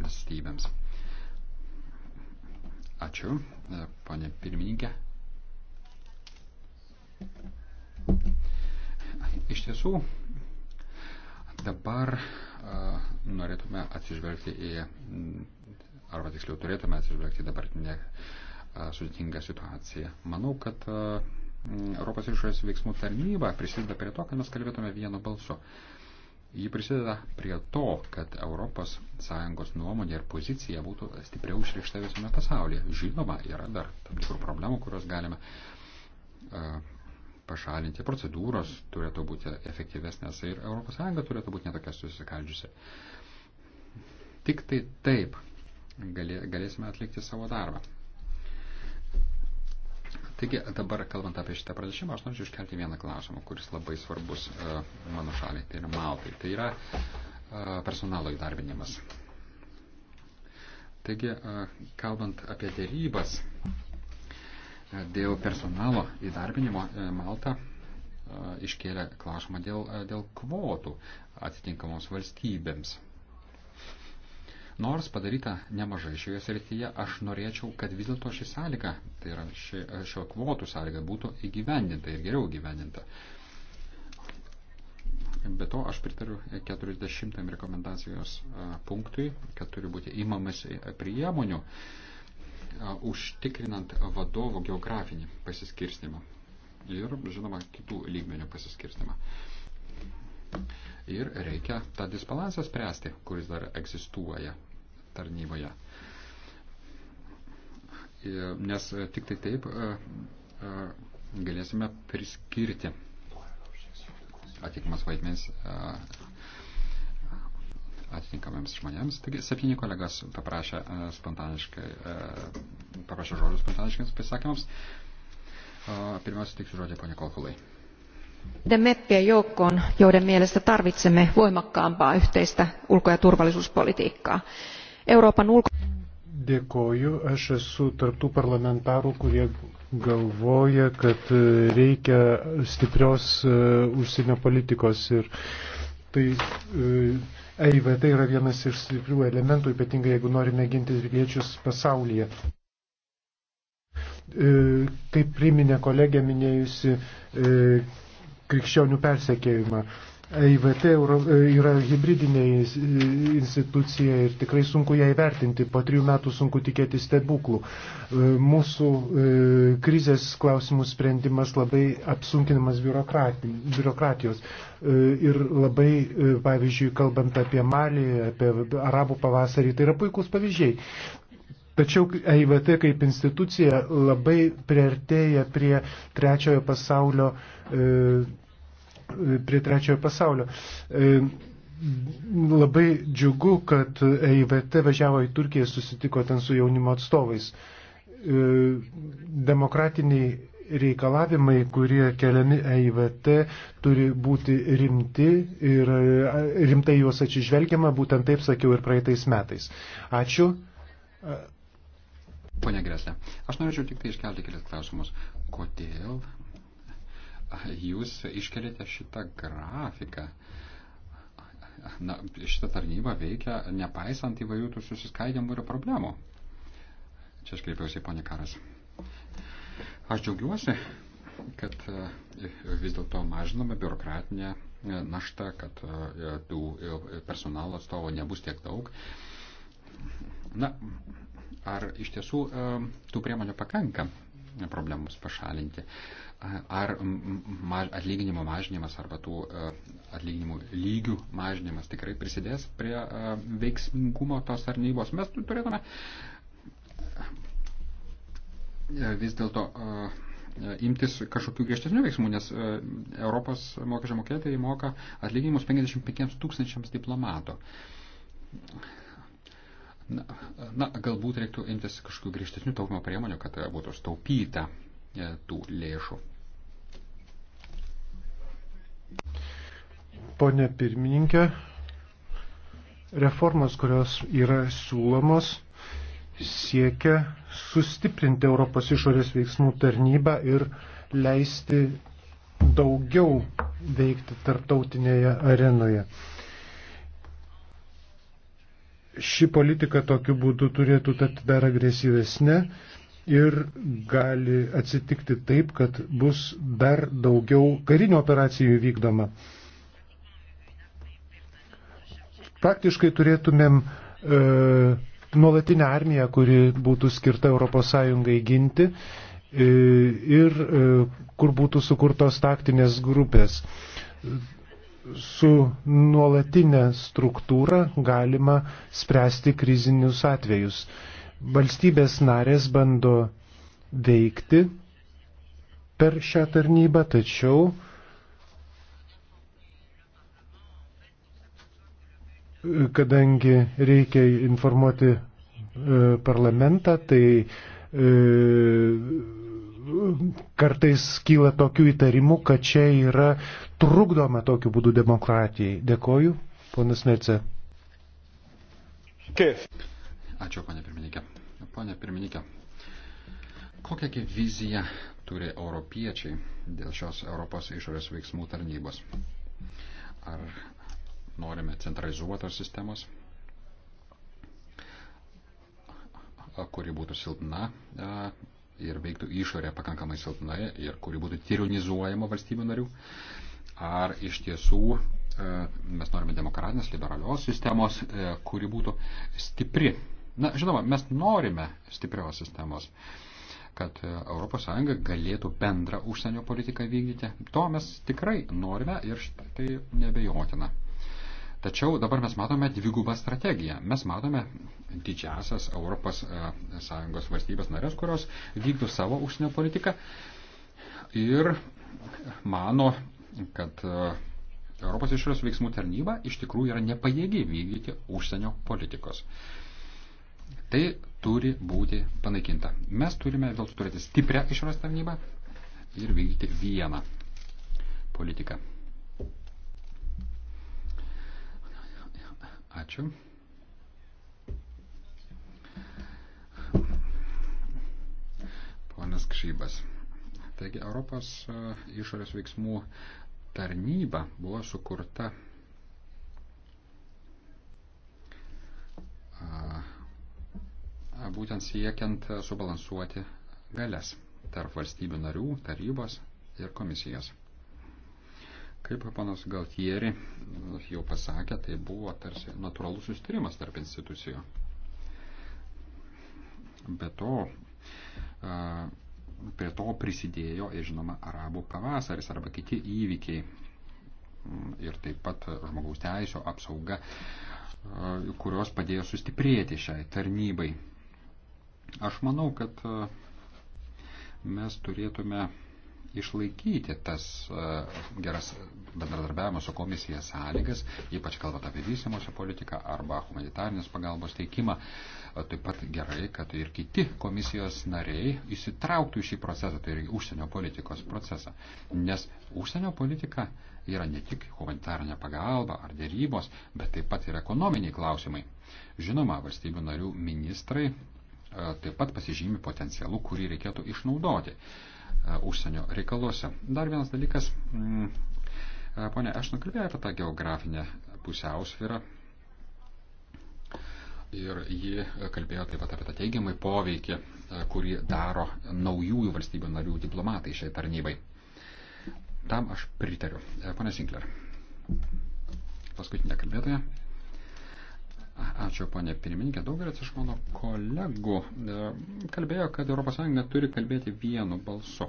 valstybėms. Ačiū, e, ponė pirmininkė. Iš tiesų, dabar uh, norėtume atsižvelgti į, arba tiksliau turėtume atsižvelgti dabartinę uh, sudėtingą situaciją. Manau, kad uh, Europos išorės veiksmų tarnyba prisideda prie to, kad mes kalbėtume vienu balsu. Ji prisideda prie to, kad ES nuomonė ir pozicija būtų stipriau išreikšta visame pasaulyje. Žinoma, yra dar tam tikrų problemų, kurios galime uh, pašalinti, procedūros turėtų būti efektyvesnės ir ES turėtų būti netokia susikaldžiusi. Tik tai taip galėsime atlikti savo darbą. Taigi dabar, kalbant apie šitą pranešimą, aš noriu iškelti vieną klausimą, kuris labai svarbus e, mano šaliai, tai yra Maltai. Tai yra e, personalo įdarbinimas. Taigi, e, kalbant apie dėrybas, E, dėl personalo įdarbinimo e, Malta e, iškėlė klausimą dėl, dėl kvotų atitinkamoms valstybėms. Nors padaryta nemažai šioje srityje, aš norėčiau, kad vis dėlto ši sąlyga, tai yra ši, šio kvotų sąlyga, būtų įgyvendinta ir geriau įgyvendinta. Be to, aš pritariu 40 rekomendacijos punktui, kad turi būti įmamas priemonių, uh, užtikrinant vadovo geografinį pasiskirstimą ir, žinoma, kitų lygmenių pasiskirstimą. Ir reikia tą disbalansą spręsti, kuris dar egzistuoja tarnyboje. E, nes tik tai taip e, e, galėsime priskirti atitikmas vaidmens atitinkamiems žmonėms. Taigi septyni kolegas paprašė, e, spontaniškai, e, paprašė žodžių spontaniškiams pasisakymams. Pirmiausia, teiksiu žodį ponė Kolkulai. meppien joukkoon joiden mielestä tarvitsemme voimakkaampaa yhteistä ulko- ja turvallisuuspolitiikkaa. Euroopan ulko... Dėkoju, aš esu tarptų parlamentarų, kurie galvoja, kad e, reikia stiprios užsienio politikos ir tai EIVT tai yra vienas iš stiprių elementų, ypatingai jeigu norime ginti piliečius pasaulyje. E, kaip priminė kolegė minėjusi e, krikščionių persekėjimą. EIVT e, yra hybridinė e, institucija ir tikrai sunku ją įvertinti, po trijų metų sunku tikėti stebuklų. E, mūsų krizės klausimų sprendimas labai apsunkinamas biurokratijos. Ir labai, pavyzdžiui, kalbant apie Malį, apie Arabų pavasarį, tai yra puikūs pavyzdžiai. Tačiau EIVT kaip institucija labai priartėja prie trečiojo pasaulio prie trečiojo pasaulio. E, labai džiugu, kad EIVT važiavo į Turkiją ir susitiko ten su jaunimo atstovais. E, demokratiniai reikalavimai, kurie keliami EIVT, turi būti rimti ir e, rimtai juos atsižvelgiama, būtent taip sakiau ir praeitais metais. Ačiū. Pone Greslė, aš norėčiau tik tai iškelti kelias klausimus. Kodėl jūs iškelite šitą grafiką. Na, šitą tarnybą veikia nepaisant įvairių tų susiskaidimų ir problemų. Čia aš kreipiausi, ponė Karas. Aš džiaugiuosi, kad e, vis dėlto mažiname biurokratinę e, naštą, kad e, tų personalo atstovų nebus tiek daug. Na, ar iš tiesų tų priemonių pakanka problemus pašalinti? ar maž, atlyginimo mažinimas arba tų e, atlyginimų lygių mažinimas tikrai prisidės prie e, veiksmingumo tos tarnybos. Mes turėtume e, vis dėlto imtis kažkokių griežtesnių veiksmų, nes Europos mokesčio mokėtojai moka atlyginimus 55 tūkstančiams diplomato. Na, na, galbūt reiktų imtis kažkokių griežtesnių taupimo priemonių, kad būtų staupyta E, tų lėšų. Pone pirmininkė, reformos, kurios yra siūlomos, siekia sustiprinti Europos išorės veiksmų tarnybą ir leisti daugiau veikti tarptautinėje arenoje. Ši politika tokiu būdu turėtų tapti dar agresyvesnė ir gali atsitikti taip, kad bus dar daugiau karinių operacijų vykdoma. Praktiškai turėtumėm e, nuolatinę armiją, kuri būtų skirta ES ginti e, ir e, kur būtų sukurtos taktinės grupės. Su nuolatinė struktūra galima spręsti krizinius atvejus. E, Valstybės narės bando veikti per šią tarnybą, tačiau kadangi reikia informuoti e, parlamentą, tai e, kartais kyla tokių įtarimų, kad čia yra trukdoma tokiu būdu demokratijai. Dėkoju, ponas Nece. Kif. Ačiū, ponė pirmininkė. Ponė pirmininkė, kokią viziją turi europiečiai dėl šios Europos išorės veiksmų tarnybos? Ar norime centralizuotos sistemos, kuri būtų silpna ir veiktų išorė pakankamai silpnai ir kuri būtų tironizuojama valstybių narių? Ar iš tiesų mes norime demokratinės, liberalios sistemos, kuri būtų stipri Na, žinoma, mes norime stiprios sistemos, kad ES galėtų bendrą užsienio politiką vykdyti. To mes tikrai norime ir tai nebejotina. Tačiau dabar mes matome dvigubą strategiją. Mes matome didžiasias ES e, valstybės narės, kurios vykdo savo užsienio politiką ir mano, kad e, Europos išorės veiksmų tarnyba iš tikrųjų yra nepajėgi vykdyti užsienio politikos. Tai turi būti panaikinta. Mes turime vėl turėti stiprią išorės tarnybą ir vykdyti vieną politiką. Ačiū. Ponas Kšybas. Taigi Europos e, išorės veiksmų tarnyba buvo sukurta būtent siekiant subalansuoti galės tarp valstybių narių, tarybos ir komisijos. Kaip panas Galtieri jau pasakė, tai buvo tarsi natūralus sustarimas tarp institucijų. Be to, prie to prisidėjo ir žinoma arabų pavasaris arba kiti įvykiai ir taip pat žmogaus teisų apsauga, kurios padėjo sustiprėti šiai tarnybai Aš manau, kad e, mes turėtume išlaikyti tas e, geras bendradarbiavimo su komisija sąlygas, ypač kalbant apie vystimosi politiką arba humanitarnės pagalbos teikimą. E, taip pat gerai, kad ir kiti komisijos nariai įsitrauktų į šį procesą, tai yra užsienio politikos procesą. Nes užsienio politika yra ne tik humanitarinė pagalba ar dėrybos, bet taip pat ir ekonominiai klausimai. Žinoma, valstybių narių ministrai E, taip pat pasižymi potencialu, kurį reikėtų išnaudoti e, užsienio reikaluose. Dar vienas dalykas, mm, e, ponė, aš nukalbėjau apie tą geografinę pusiausvyrą ir ji kalbėjo taip pat apie tą teigiamai poveikį, kurį daro naujųjų valstybių narių diplomatai šiai tarnybai. Tam aš pritariu. Pane Sinkler, paskutinė kalbėtoja. Ačiū, ponė pirmininkė. Daugelis iš mano kolegų e, kalbėjo, kad ES neturi kalbėti vienu balsu.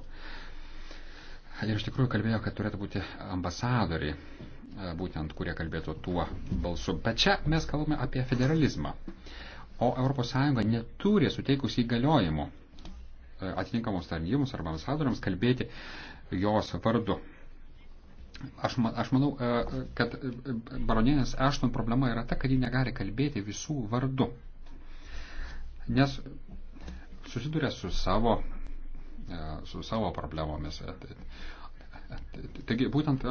Ir iš tikrųjų kalbėjo, kad turėtų būti ambasadoriai, e, būtent kurie kalbėtų tuo balsu. Bet čia mes kalbame apie federalizmą. O ES neturi suteikusi įgaliojimų e, atitinkamos tarnybos arba ambasadoriams kalbėti jos vardu. Aš, aš manau, e, e, kad e, baronienės Ešton problema yra ta, kad ji negali kalbėti visų vardu. Nes susiduria su savo, su savo problemomis. Taigi būtent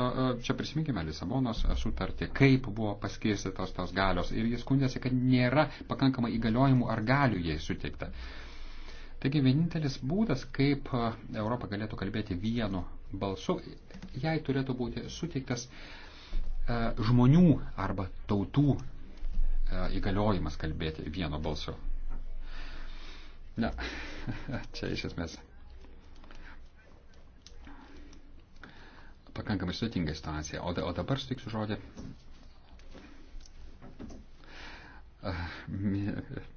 čia prisiminkime Lisabonos sutartį, kaip buvo paskirstytos tos galios ir jis skundėsi, kad nėra pakankamai įgaliojimų ar galių jai suteikta. Taigi vienintelis būdas, kaip Europa galėtų kalbėti vienu balsu, jai turėtų būti suteiktas e, žmonių arba tautų e, įgaliojimas kalbėti vieno balsu. Na, čia iš esmės pakankamai sudėtinga situacija. O, o dabar sutiksiu žodį e,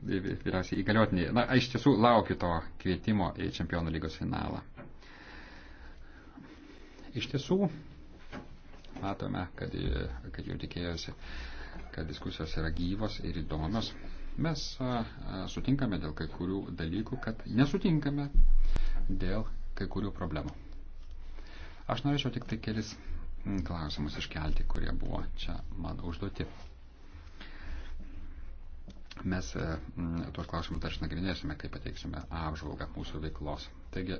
vyriausiai įgaliotiniai. Na, aš iš tiesų laukiu to kvietimo į Čempionų lygos finalą. Iš tiesų, matome, kad, kad jau tikėjosi, kad diskusijos yra gyvos ir įdomios. Mes a, a, sutinkame dėl kai kurių dalykų, kad nesutinkame dėl kai kurių problemų. Aš norėčiau tik tai kelis klausimus iškelti, kurie buvo čia man užduoti. Mes tuos klausimus dar išnagrinėsime, kai pateiksime apžvalgą mūsų veiklos. Taigi,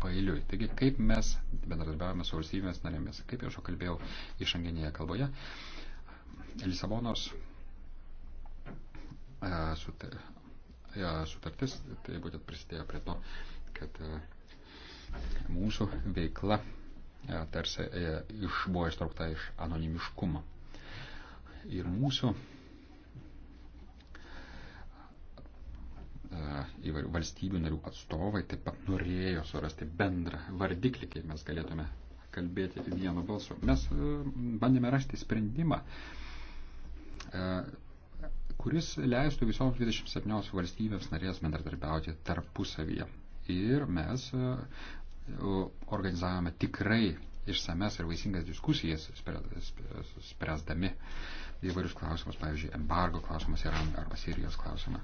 pailiui. Taigi, kaip mes bendradarbiavame su valstybėmis narėmis, kaip jau kalbėjau išanginėje kalboje, Lisabonos e, e, sutartis, tai būtent prisidėjo prie to, kad e, mūsų veikla tarsi iš, buvo ištraukta iš anonimiškumo. Ir mūsų įvairių valstybių narių atstovai taip pat norėjo surasti bendrą vardiklį, kaip mes galėtume kalbėti vienu balsu. Mes e, bandėme rasti sprendimą, e, kuris leistų visoms 27 valstybėms narės bendradarbiauti tarpusavyje. Ir mes e, organizavome tikrai išsames ir vaisingas diskusijas, spręsdami įvairius klausimus, pavyzdžiui, embargo klausimus Iranui arba Sirijos klausimą.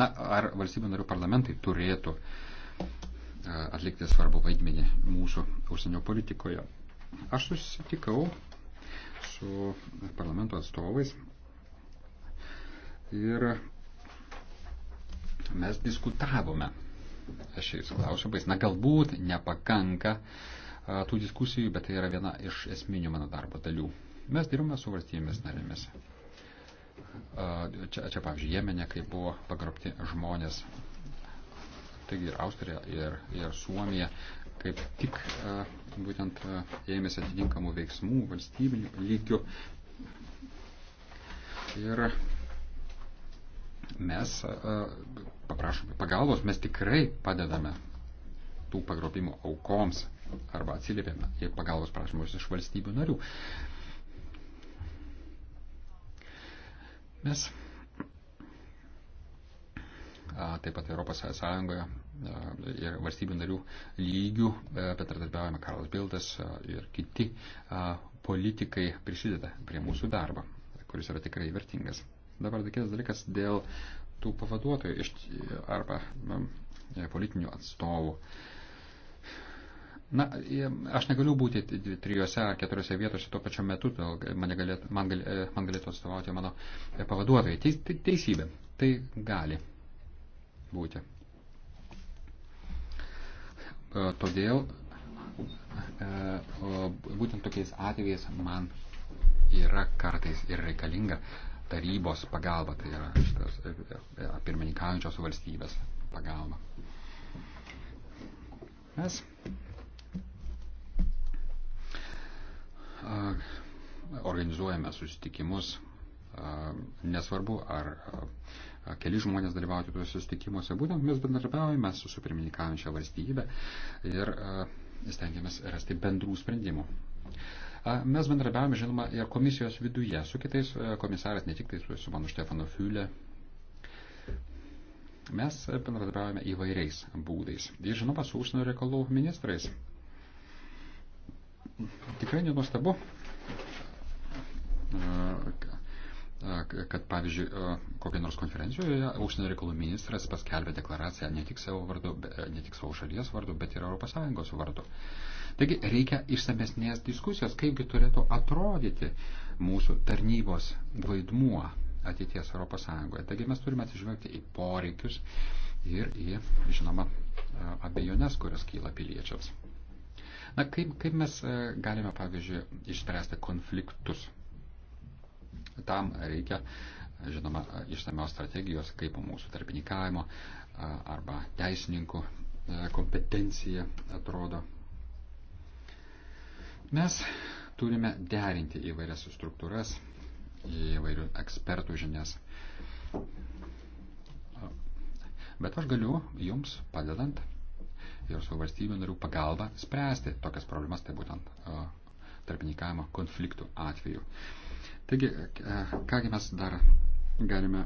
Na, ar valstybių narių parlamentai turėtų e, atlikti svarbu vaidmenį mūsų užsienio politikoje? Aš susitikau su parlamento atstovais ir mes diskutavome šiais klausimais. Na, galbūt nepakanka e, tų diskusijų, bet tai yra viena iš esminių mano darbo dalių. Mes dirbame su valstybėmis narėmis. Čia, čia pavyzdžiui, Jemenė, kai buvo pagrobti žmonės. Taigi ir Austrija, ir, ir Suomija kaip tik būtent ėmėsi atitinkamų veiksmų valstybinių lygių. Ir mes paprašome pagalbos, mes tikrai padedame tų pagrobimo aukoms arba atsiliepėme į pagalbos prašymus iš valstybių narių. Mes taip pat Europos Sąjungoje ir valstybių narių lygių bendradarbiaujame Karlas Bildas ir kiti politikai prisideda prie mūsų darbo, kuris yra tikrai vertingas. Dabar kitas dalykas dėl tų pavaduotojų iš, arba politinių atstovų. Uh, Na, aš negaliu būti trijose ar keturiose vietose tuo pačiu metu, man galėtų, e, man galėtų atstovauti mano e, pavaduotojai. Teis, teisybė, tai gali būti. E, todėl būtent tokiais atvejais man yra kartais ir reikalinga tarybos pagalba, tai yra šitas pirmininkaujančios valstybės pagalba. Mes organizuojame susitikimus, nesvarbu, ar keli žmonės dalyvauti tuose susitikimuose, būtent mes bendradarbiaujame su supirmininkavinčia valstybe ir stengiamės rasti bendrų sprendimų. Mes bendradarbiavame, žinoma, ir komisijos viduje su kitais komisarais, ne tik tai su manu Štefanu Fiulė. Mes bendradarbiavame įvairiais būdais. Ir žinoma, su užsienio reikalų ministrais Tikrai nenuostabu, kad, pavyzdžiui, kokia nors konferencijoje užsienio reikalų ministras paskelbė deklaraciją ne tik savo vardu, ne tik savo šalies vardu, bet ir ES vardu. Taigi reikia išsamesnės diskusijos, kaipgi turėtų atrodyti mūsų tarnybos vaidmuo ateities ES. Taigi mes turime atsižvelgti į poreikius ir į, žinoma, abejonės, kurias kyla piliečiams. Na, kaip, kaip mes e, galime, pavyzdžiui, išspręsti konfliktus? Tam reikia, žinoma, e, išsamios strategijos, kaip mūsų tarpininkavimo e, arba teisininkų kompetencija atrodo. Mes turime derinti įvairias struktūras, įvairių ekspertų žinias. Bet aš galiu jums padedant ir su valstybių narių pagalba spręsti tokias problemas, tai būtent tarpininkavimo konfliktų atveju. Taigi, kągi mes dar galime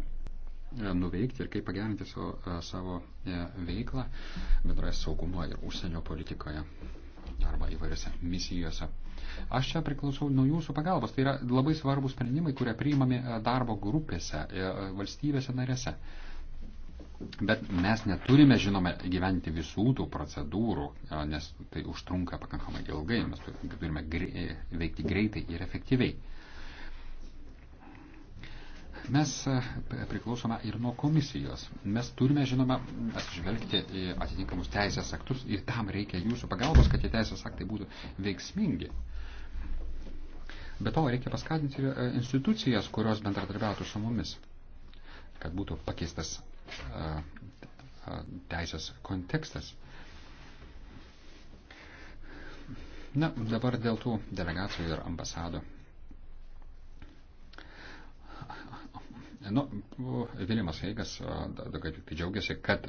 nuveikti ir kaip pagerinti savo, savo e, veiklą bendroje saugumo ir užsienio politikoje arba įvairiose misijose. Aš čia priklausau nuo jūsų pagalbos. Tai yra labai svarbus sprendimai, kurie priimami darbo grupėse, e, valstybėse narėse. Bet mes neturime, žinome, gyventi visų tų procedūrų, nes tai užtrunka pakankamai ilgai, mes turime grei, veikti greitai ir efektyviai. Mes priklausome ir nuo komisijos. Mes turime, žinoma, atsižvelgti į atitinkamus teisės aktus ir tam reikia jūsų pagalbos, kad tie teisės aktai būtų veiksmingi. Be to reikia paskatinti institucijas, kurios bendradarbiautų su mumis, kad būtų pakeistas teisės kontekstas. Na, dabar dėl tų delegacijų ir ambasadų. Nu, Vilimas Heigas džiaugiasi, kad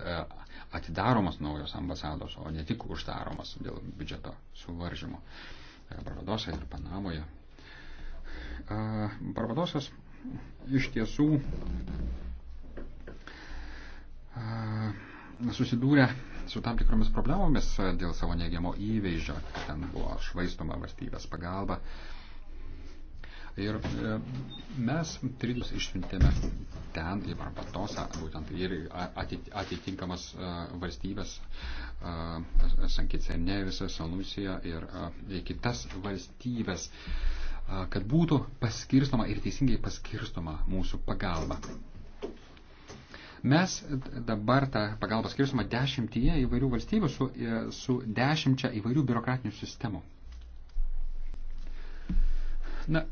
atidaromos naujos ambasados, o ne tik uždaromos dėl biudžeto suvaržymo e, Barbadose ir Panamoje. Barbadosas iš tiesų susidūrė su tam tikromis problemomis dėl savo neigiamo įvaizdžio, kad ten buvo švaistoma valstybės pagalba. Ir e, mes tridus išsiuntėme ten į Barbatosą, būtent ir atitinkamas e, valstybės, e, Sankicernevisą, Sanusiją ir kitas valstybės, kad būtų paskirstoma ir teisingai paskirstoma mūsų pagalba. Mes dabar tą pagalbos skirstumą dešimtyje įvairių valstybių su, e, su dešimčia įvairių biurokratinių sistemų. Na,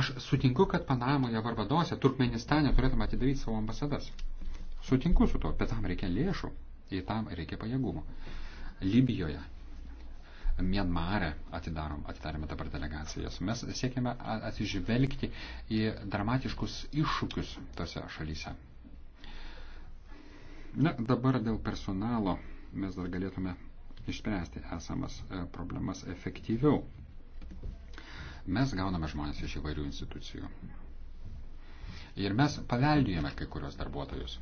aš sutinku, kad Panamoje, Varvadose, Turkmenistane turėtume atidaryti savo ambasadas. Sutinku su to, bet tam reikia lėšų, į tam reikia pajėgumų. Libijoje Mienmare atidarom, atidarėme dabar delegacijas. Mes siekiame atsižvelgti į dramatiškus iššūkius tose šalyse. Na, dabar dėl personalo mes dar galėtume išspręsti esamas e, problemas efektyviau. Mes gauname žmonės iš įvairių institucijų. Ir mes paveldėjame kai kurios darbuotojus,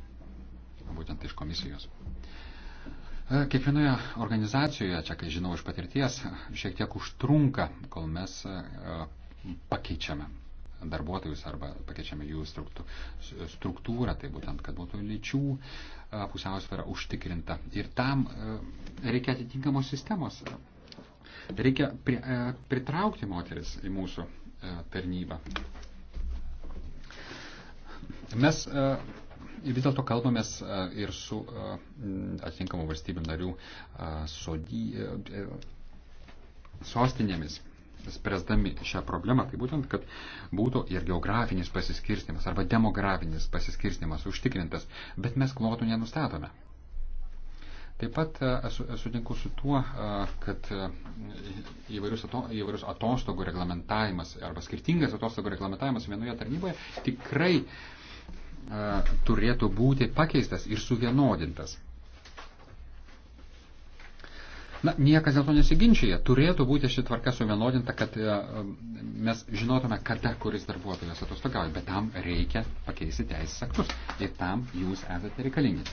būtent iš komisijos. E, kiekvienoje organizacijoje, čia kai žinau iš patirties, šiek tiek užtrunka, kol mes e, pakeičiame darbuotojus arba pakeičiame jų struktūrą, tai būtent, kad būtų lyčių pusiausvėra užtikrinta. Ir tam reikia atitinkamos sistemos. Reikia pritraukti moteris į mūsų tarnybą. Mes vis dėlto kalbamės ir su atitinkamų valstybių narių sodį, sostinėmis spręsdami šią problemą, tai būtent, kad būtų ir geografinis pasiskirstimas arba demografinis pasiskirstimas užtikrintas, bet mes kvotų nenustatome. Taip pat e, sutinku su tuo, e, kad e, įvairius, ato, įvairius atostogų reglamentavimas arba skirtingas atostogų reglamentavimas vienoje tarnyboje tikrai turėtų būti pakeistas ir suvienodintas. Na, niekas dėl to nesiginčia. Turėtų būti ši tvarka suvienodinta, kad e, mes žinotume, kada kuris darbuotojas atostogauja, bet tam reikia pakeisti teisės aktus ir tam jūs esate reikalingi.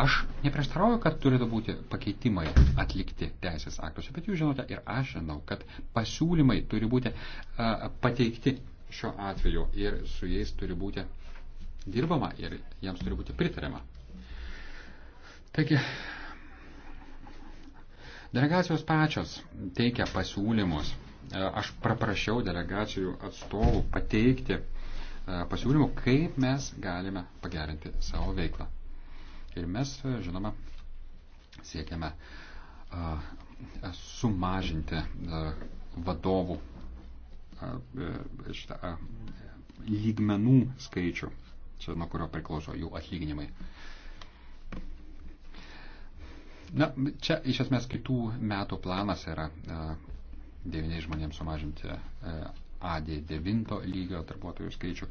Aš neprieštarauju, kad turėtų būti pakeitimai atlikti teisės aktuose, bet jūs žinote ir aš žinau, kad pasiūlymai turi būti uh, pateikti šiuo atveju ir su jais turi būti dirbama ir jiems turi būti pritariama. Taigi, Delegacijos pačios teikia pasiūlymus. E, aš paprašiau delegacijų atstovų pateikti e, pasiūlymų, kaip mes galime pagerinti savo veiklą. Ir mes, e, žinoma, siekiame sumažinti vadovų šitą, lygmenų skaičių, čia nuo kurio priklauso jų atlyginimai. Na, čia iš esmės kitų metų planas yra e, devyniai žmonėms sumažinti e, AD9 lygio darbuotojų skaičių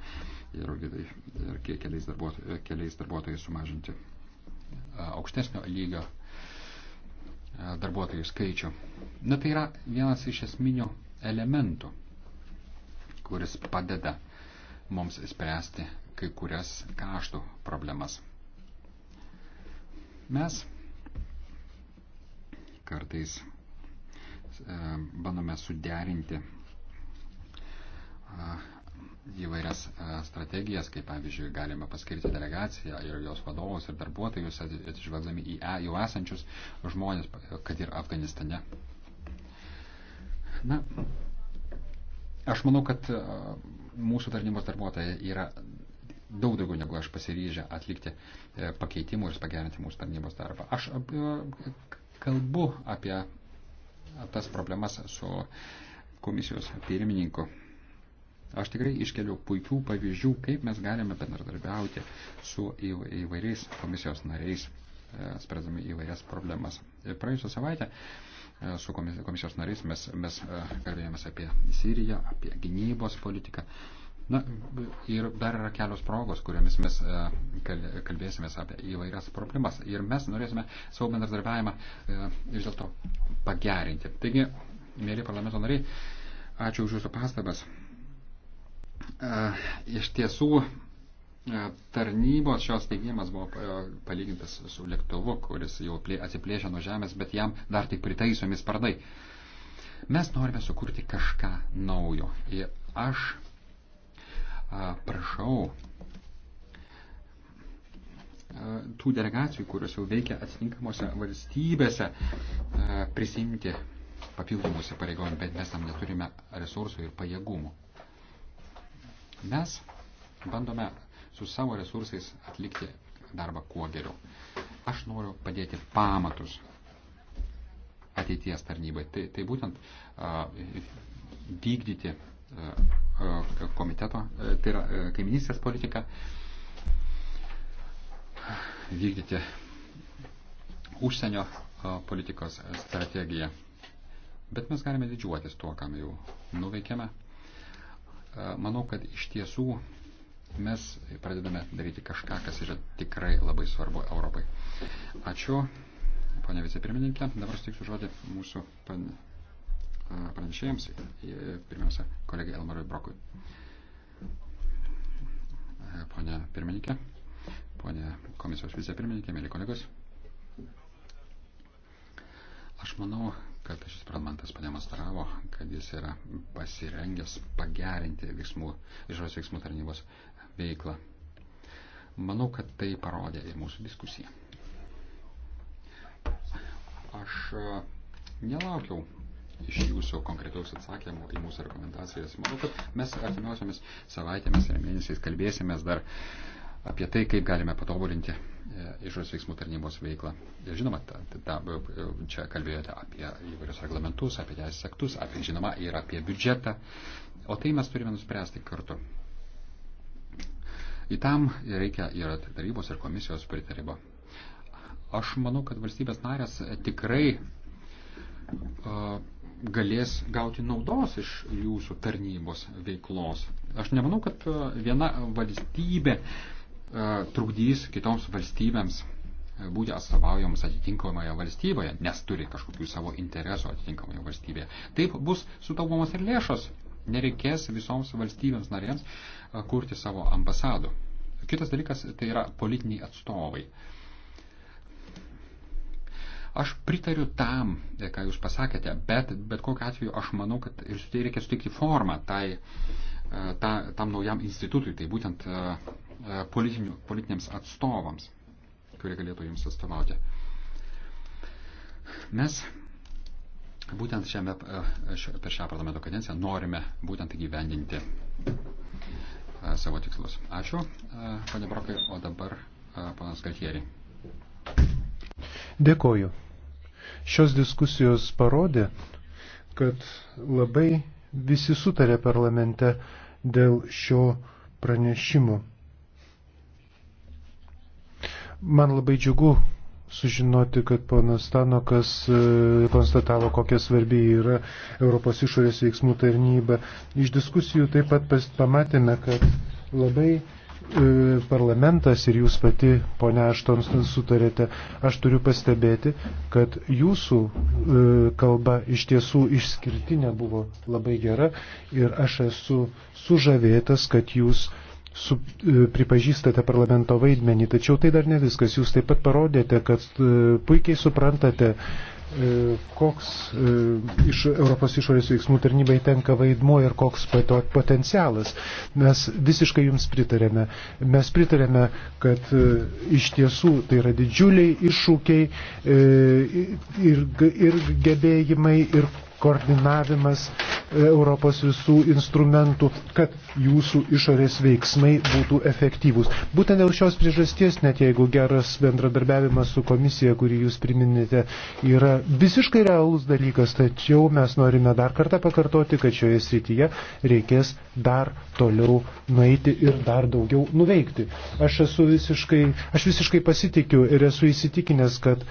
ir, ir keliais, darbuotojų, e, keliais darbuotojais sumažinti aukštesnio lygio darbuotojų skaičių. Na tai yra vienas iš esminių elementų, kuris padeda mums spręsti kai kurias kaštų problemas. Mes kartais e, bandome suderinti e, įvairias e, strategijas, kaip pavyzdžiui, galima paskirti delegaciją ir jos vadovus ir darbuotojus, atsižvelgdami į jau esančius žmonės, kad ir Afganistane. Na, aš manau, kad mūsų tarnybos darbuotojai yra daug daugiau negu aš pasiryžę atlikti pakeitimų ir pagerinti mūsų tarnybos darbą. Aš kalbu apie tas problemas su komisijos pirmininku. Aš tikrai iškeliu puikių pavyzdžių, kaip mes galime bendradarbiauti su įvairiais komisijos nariais, e, spręsdami įvairias problemas. Praėjusią savaitę e, su komisijos nariais mes, mes e, kalbėjomės apie Siriją, apie gynybos politiką. Na ir dar yra kelios progos, kuriomis mes e, kalbėsime apie įvairias problemas. Ir mes norėsime savo bendradarbiavimą e, vis dėlto pagerinti. Taigi, mėly parlamento nariai, ačiū už Jūsų pastabas. E, iš tiesų, tarnybos šios teigimas buvo palygintas su lėktuvu, kuris jau atsiplėšė nuo žemės, bet jam dar tik pritaisomi sparnai. Mes norime sukurti kažką naujo. Ir aš prašau tų delegacijų, kurios jau veikia atitinkamuose valstybėse, prisimti papildomus įpareigojimų, bet mes tam neturime resursų ir pajėgumų. Mes bandome su savo resursais atlikti darbą kuo geriau. Aš noriu padėti pamatus ateities tarnybai. Tai, tai būtent uh, vykdyti uh, E, komiteto, e, tai yra e, kaiminystės politika, vykdyti užsienio politikos strategiją. Bet mes galime didžiuotis tuo, kam jau nuveikėme. Manau, kad iš tiesų mes pradedame daryti kažką, kas yra tikrai labai svarbu Europai. Ačiū, ponia vicepirmininkė. Dabar steiksiu žodį mūsų pan pranešėjams, e, pirmiausia, kolegai Elmarui Brokui. E, pone pirmininkė, pone komisijos vicepirmininkė, mėly kolegos. Aš manau, kad šis parlamentas pademonstravo, kad jis yra pasirengęs pagerinti veiksmų, išorės veiksmų tarnybos veiklą. Manau, kad tai parodė ir mūsų diskusija. Aš e, nelaukiau iš jūsų konkretaus atsakymo į mūsų rekomendacijas. Manau, kad mes artimiausiamis savaitėmis ir mėnesiais kalbėsimės dar apie tai, kaip galime patobulinti e, išorės veiksmų tarnybos veiklą. Ir žinoma, ta, ta, čia kalbėjote apie įvairius reglamentus, apie teisės aktus, apie, žinoma, ir apie biudžetą. O tai mes turime nuspręsti kartu. Į tam reikia ir tarybos ir komisijos pritarimo. Aš manau, kad valstybės narės tikrai uh, galės gauti naudos iš jūsų tarnybos veiklos. Aš nemanau, kad e, viena valstybė e, trukdys kitoms valstybėms e, būti atstovaujoms atitinkamoje valstybėje, nes turi kažkokių savo interesų atitinkamoje valstybėje. Taip bus sutaupomas ir lėšos, nereikės visoms valstybėms narėms kurti savo ambasadų. Kitas dalykas tai yra politiniai atstovai. Uh, Aš pritariu tam, ką Jūs pasakėte, bet bet kokiu atveju aš manau, kad ir tai reikia suteikti formą tai, e, ta, tam naujam institutui, tai būtent e, e, politiniams atstovams, kurie galėtų Jums atstovauti. Mes būtent šiame, per šią parlamento kadenciją norime būtent įgyvendinti savo tikslus. Ačiū, pane Brokai, o dabar panas Galtieri. Dėkoju. Šios diskusijos parodė, kad labai visi sutarė parlamente dėl šio pranešimo. Man labai džiugu sužinoti, kad ponas Stanokas e, konstatavo, kokia svarbi yra Europos išorės veiksmų tarnyba. Iš diskusijų taip pat pamatėme, kad labai E, parlamentas ir jūs pati, ponia Aštons, sutarėte, aš turiu pastebėti, kad jūsų e, kalba iš tiesų išskirtinė buvo labai gera ir aš esu sužavėtas, kad jūs su, e, pripažįstate parlamento vaidmenį, tačiau tai dar ne viskas. Jūs taip pat parodėte, kad puikiai suprantate, E, koks e, iš Europos išorės veiksmų tarnybai tenka vaidmuo ir koks potencialas. Mes visiškai jums pritarėme. Mes pritarėme, kad e, iš tiesų tai yra didžiuliai iššūkiai ir, ir gebėjimai ir koordinavimas e, Europos visų instrumentų, kad jūsų išorės veiksmai būtų efektyvūs. Būtent dėl šios priežasties, net jeigu geras bendradarbiavimas su komisija, kurį jūs priminėte, yra visiškai realus dalykas, tačiau mes norime dar kartą pakartoti, kad šioje srityje reikės dar toliau nueiti ir dar daugiau nuveikti. Aš, esu visiškai, aš visiškai pasitikiu ir esu įsitikinęs, kad e,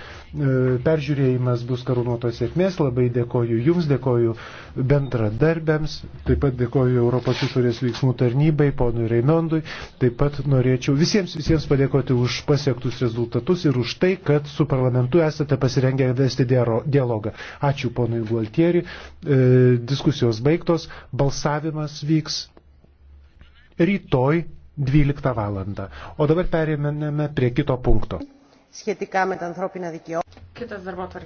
peržiūrėjimas bus karūnuotos sėkmės. Labai dėkoju Jums, dėkoju bendradarbėms, taip pat dėkoju Europos išorės veiksmų tarnybai, ponui Reimondui, taip pat norėčiau visiems, visiems padėkoti už pasiektus rezultatus ir už tai, kad su parlamentu esate pasirengę vesti dialogą. Ačiū ponui Gualtieri, e, diskusijos baigtos, balsavimas vyks rytoj 12 val. O dabar perėmėme prie kito punkto. Kitas darbo tvarkė.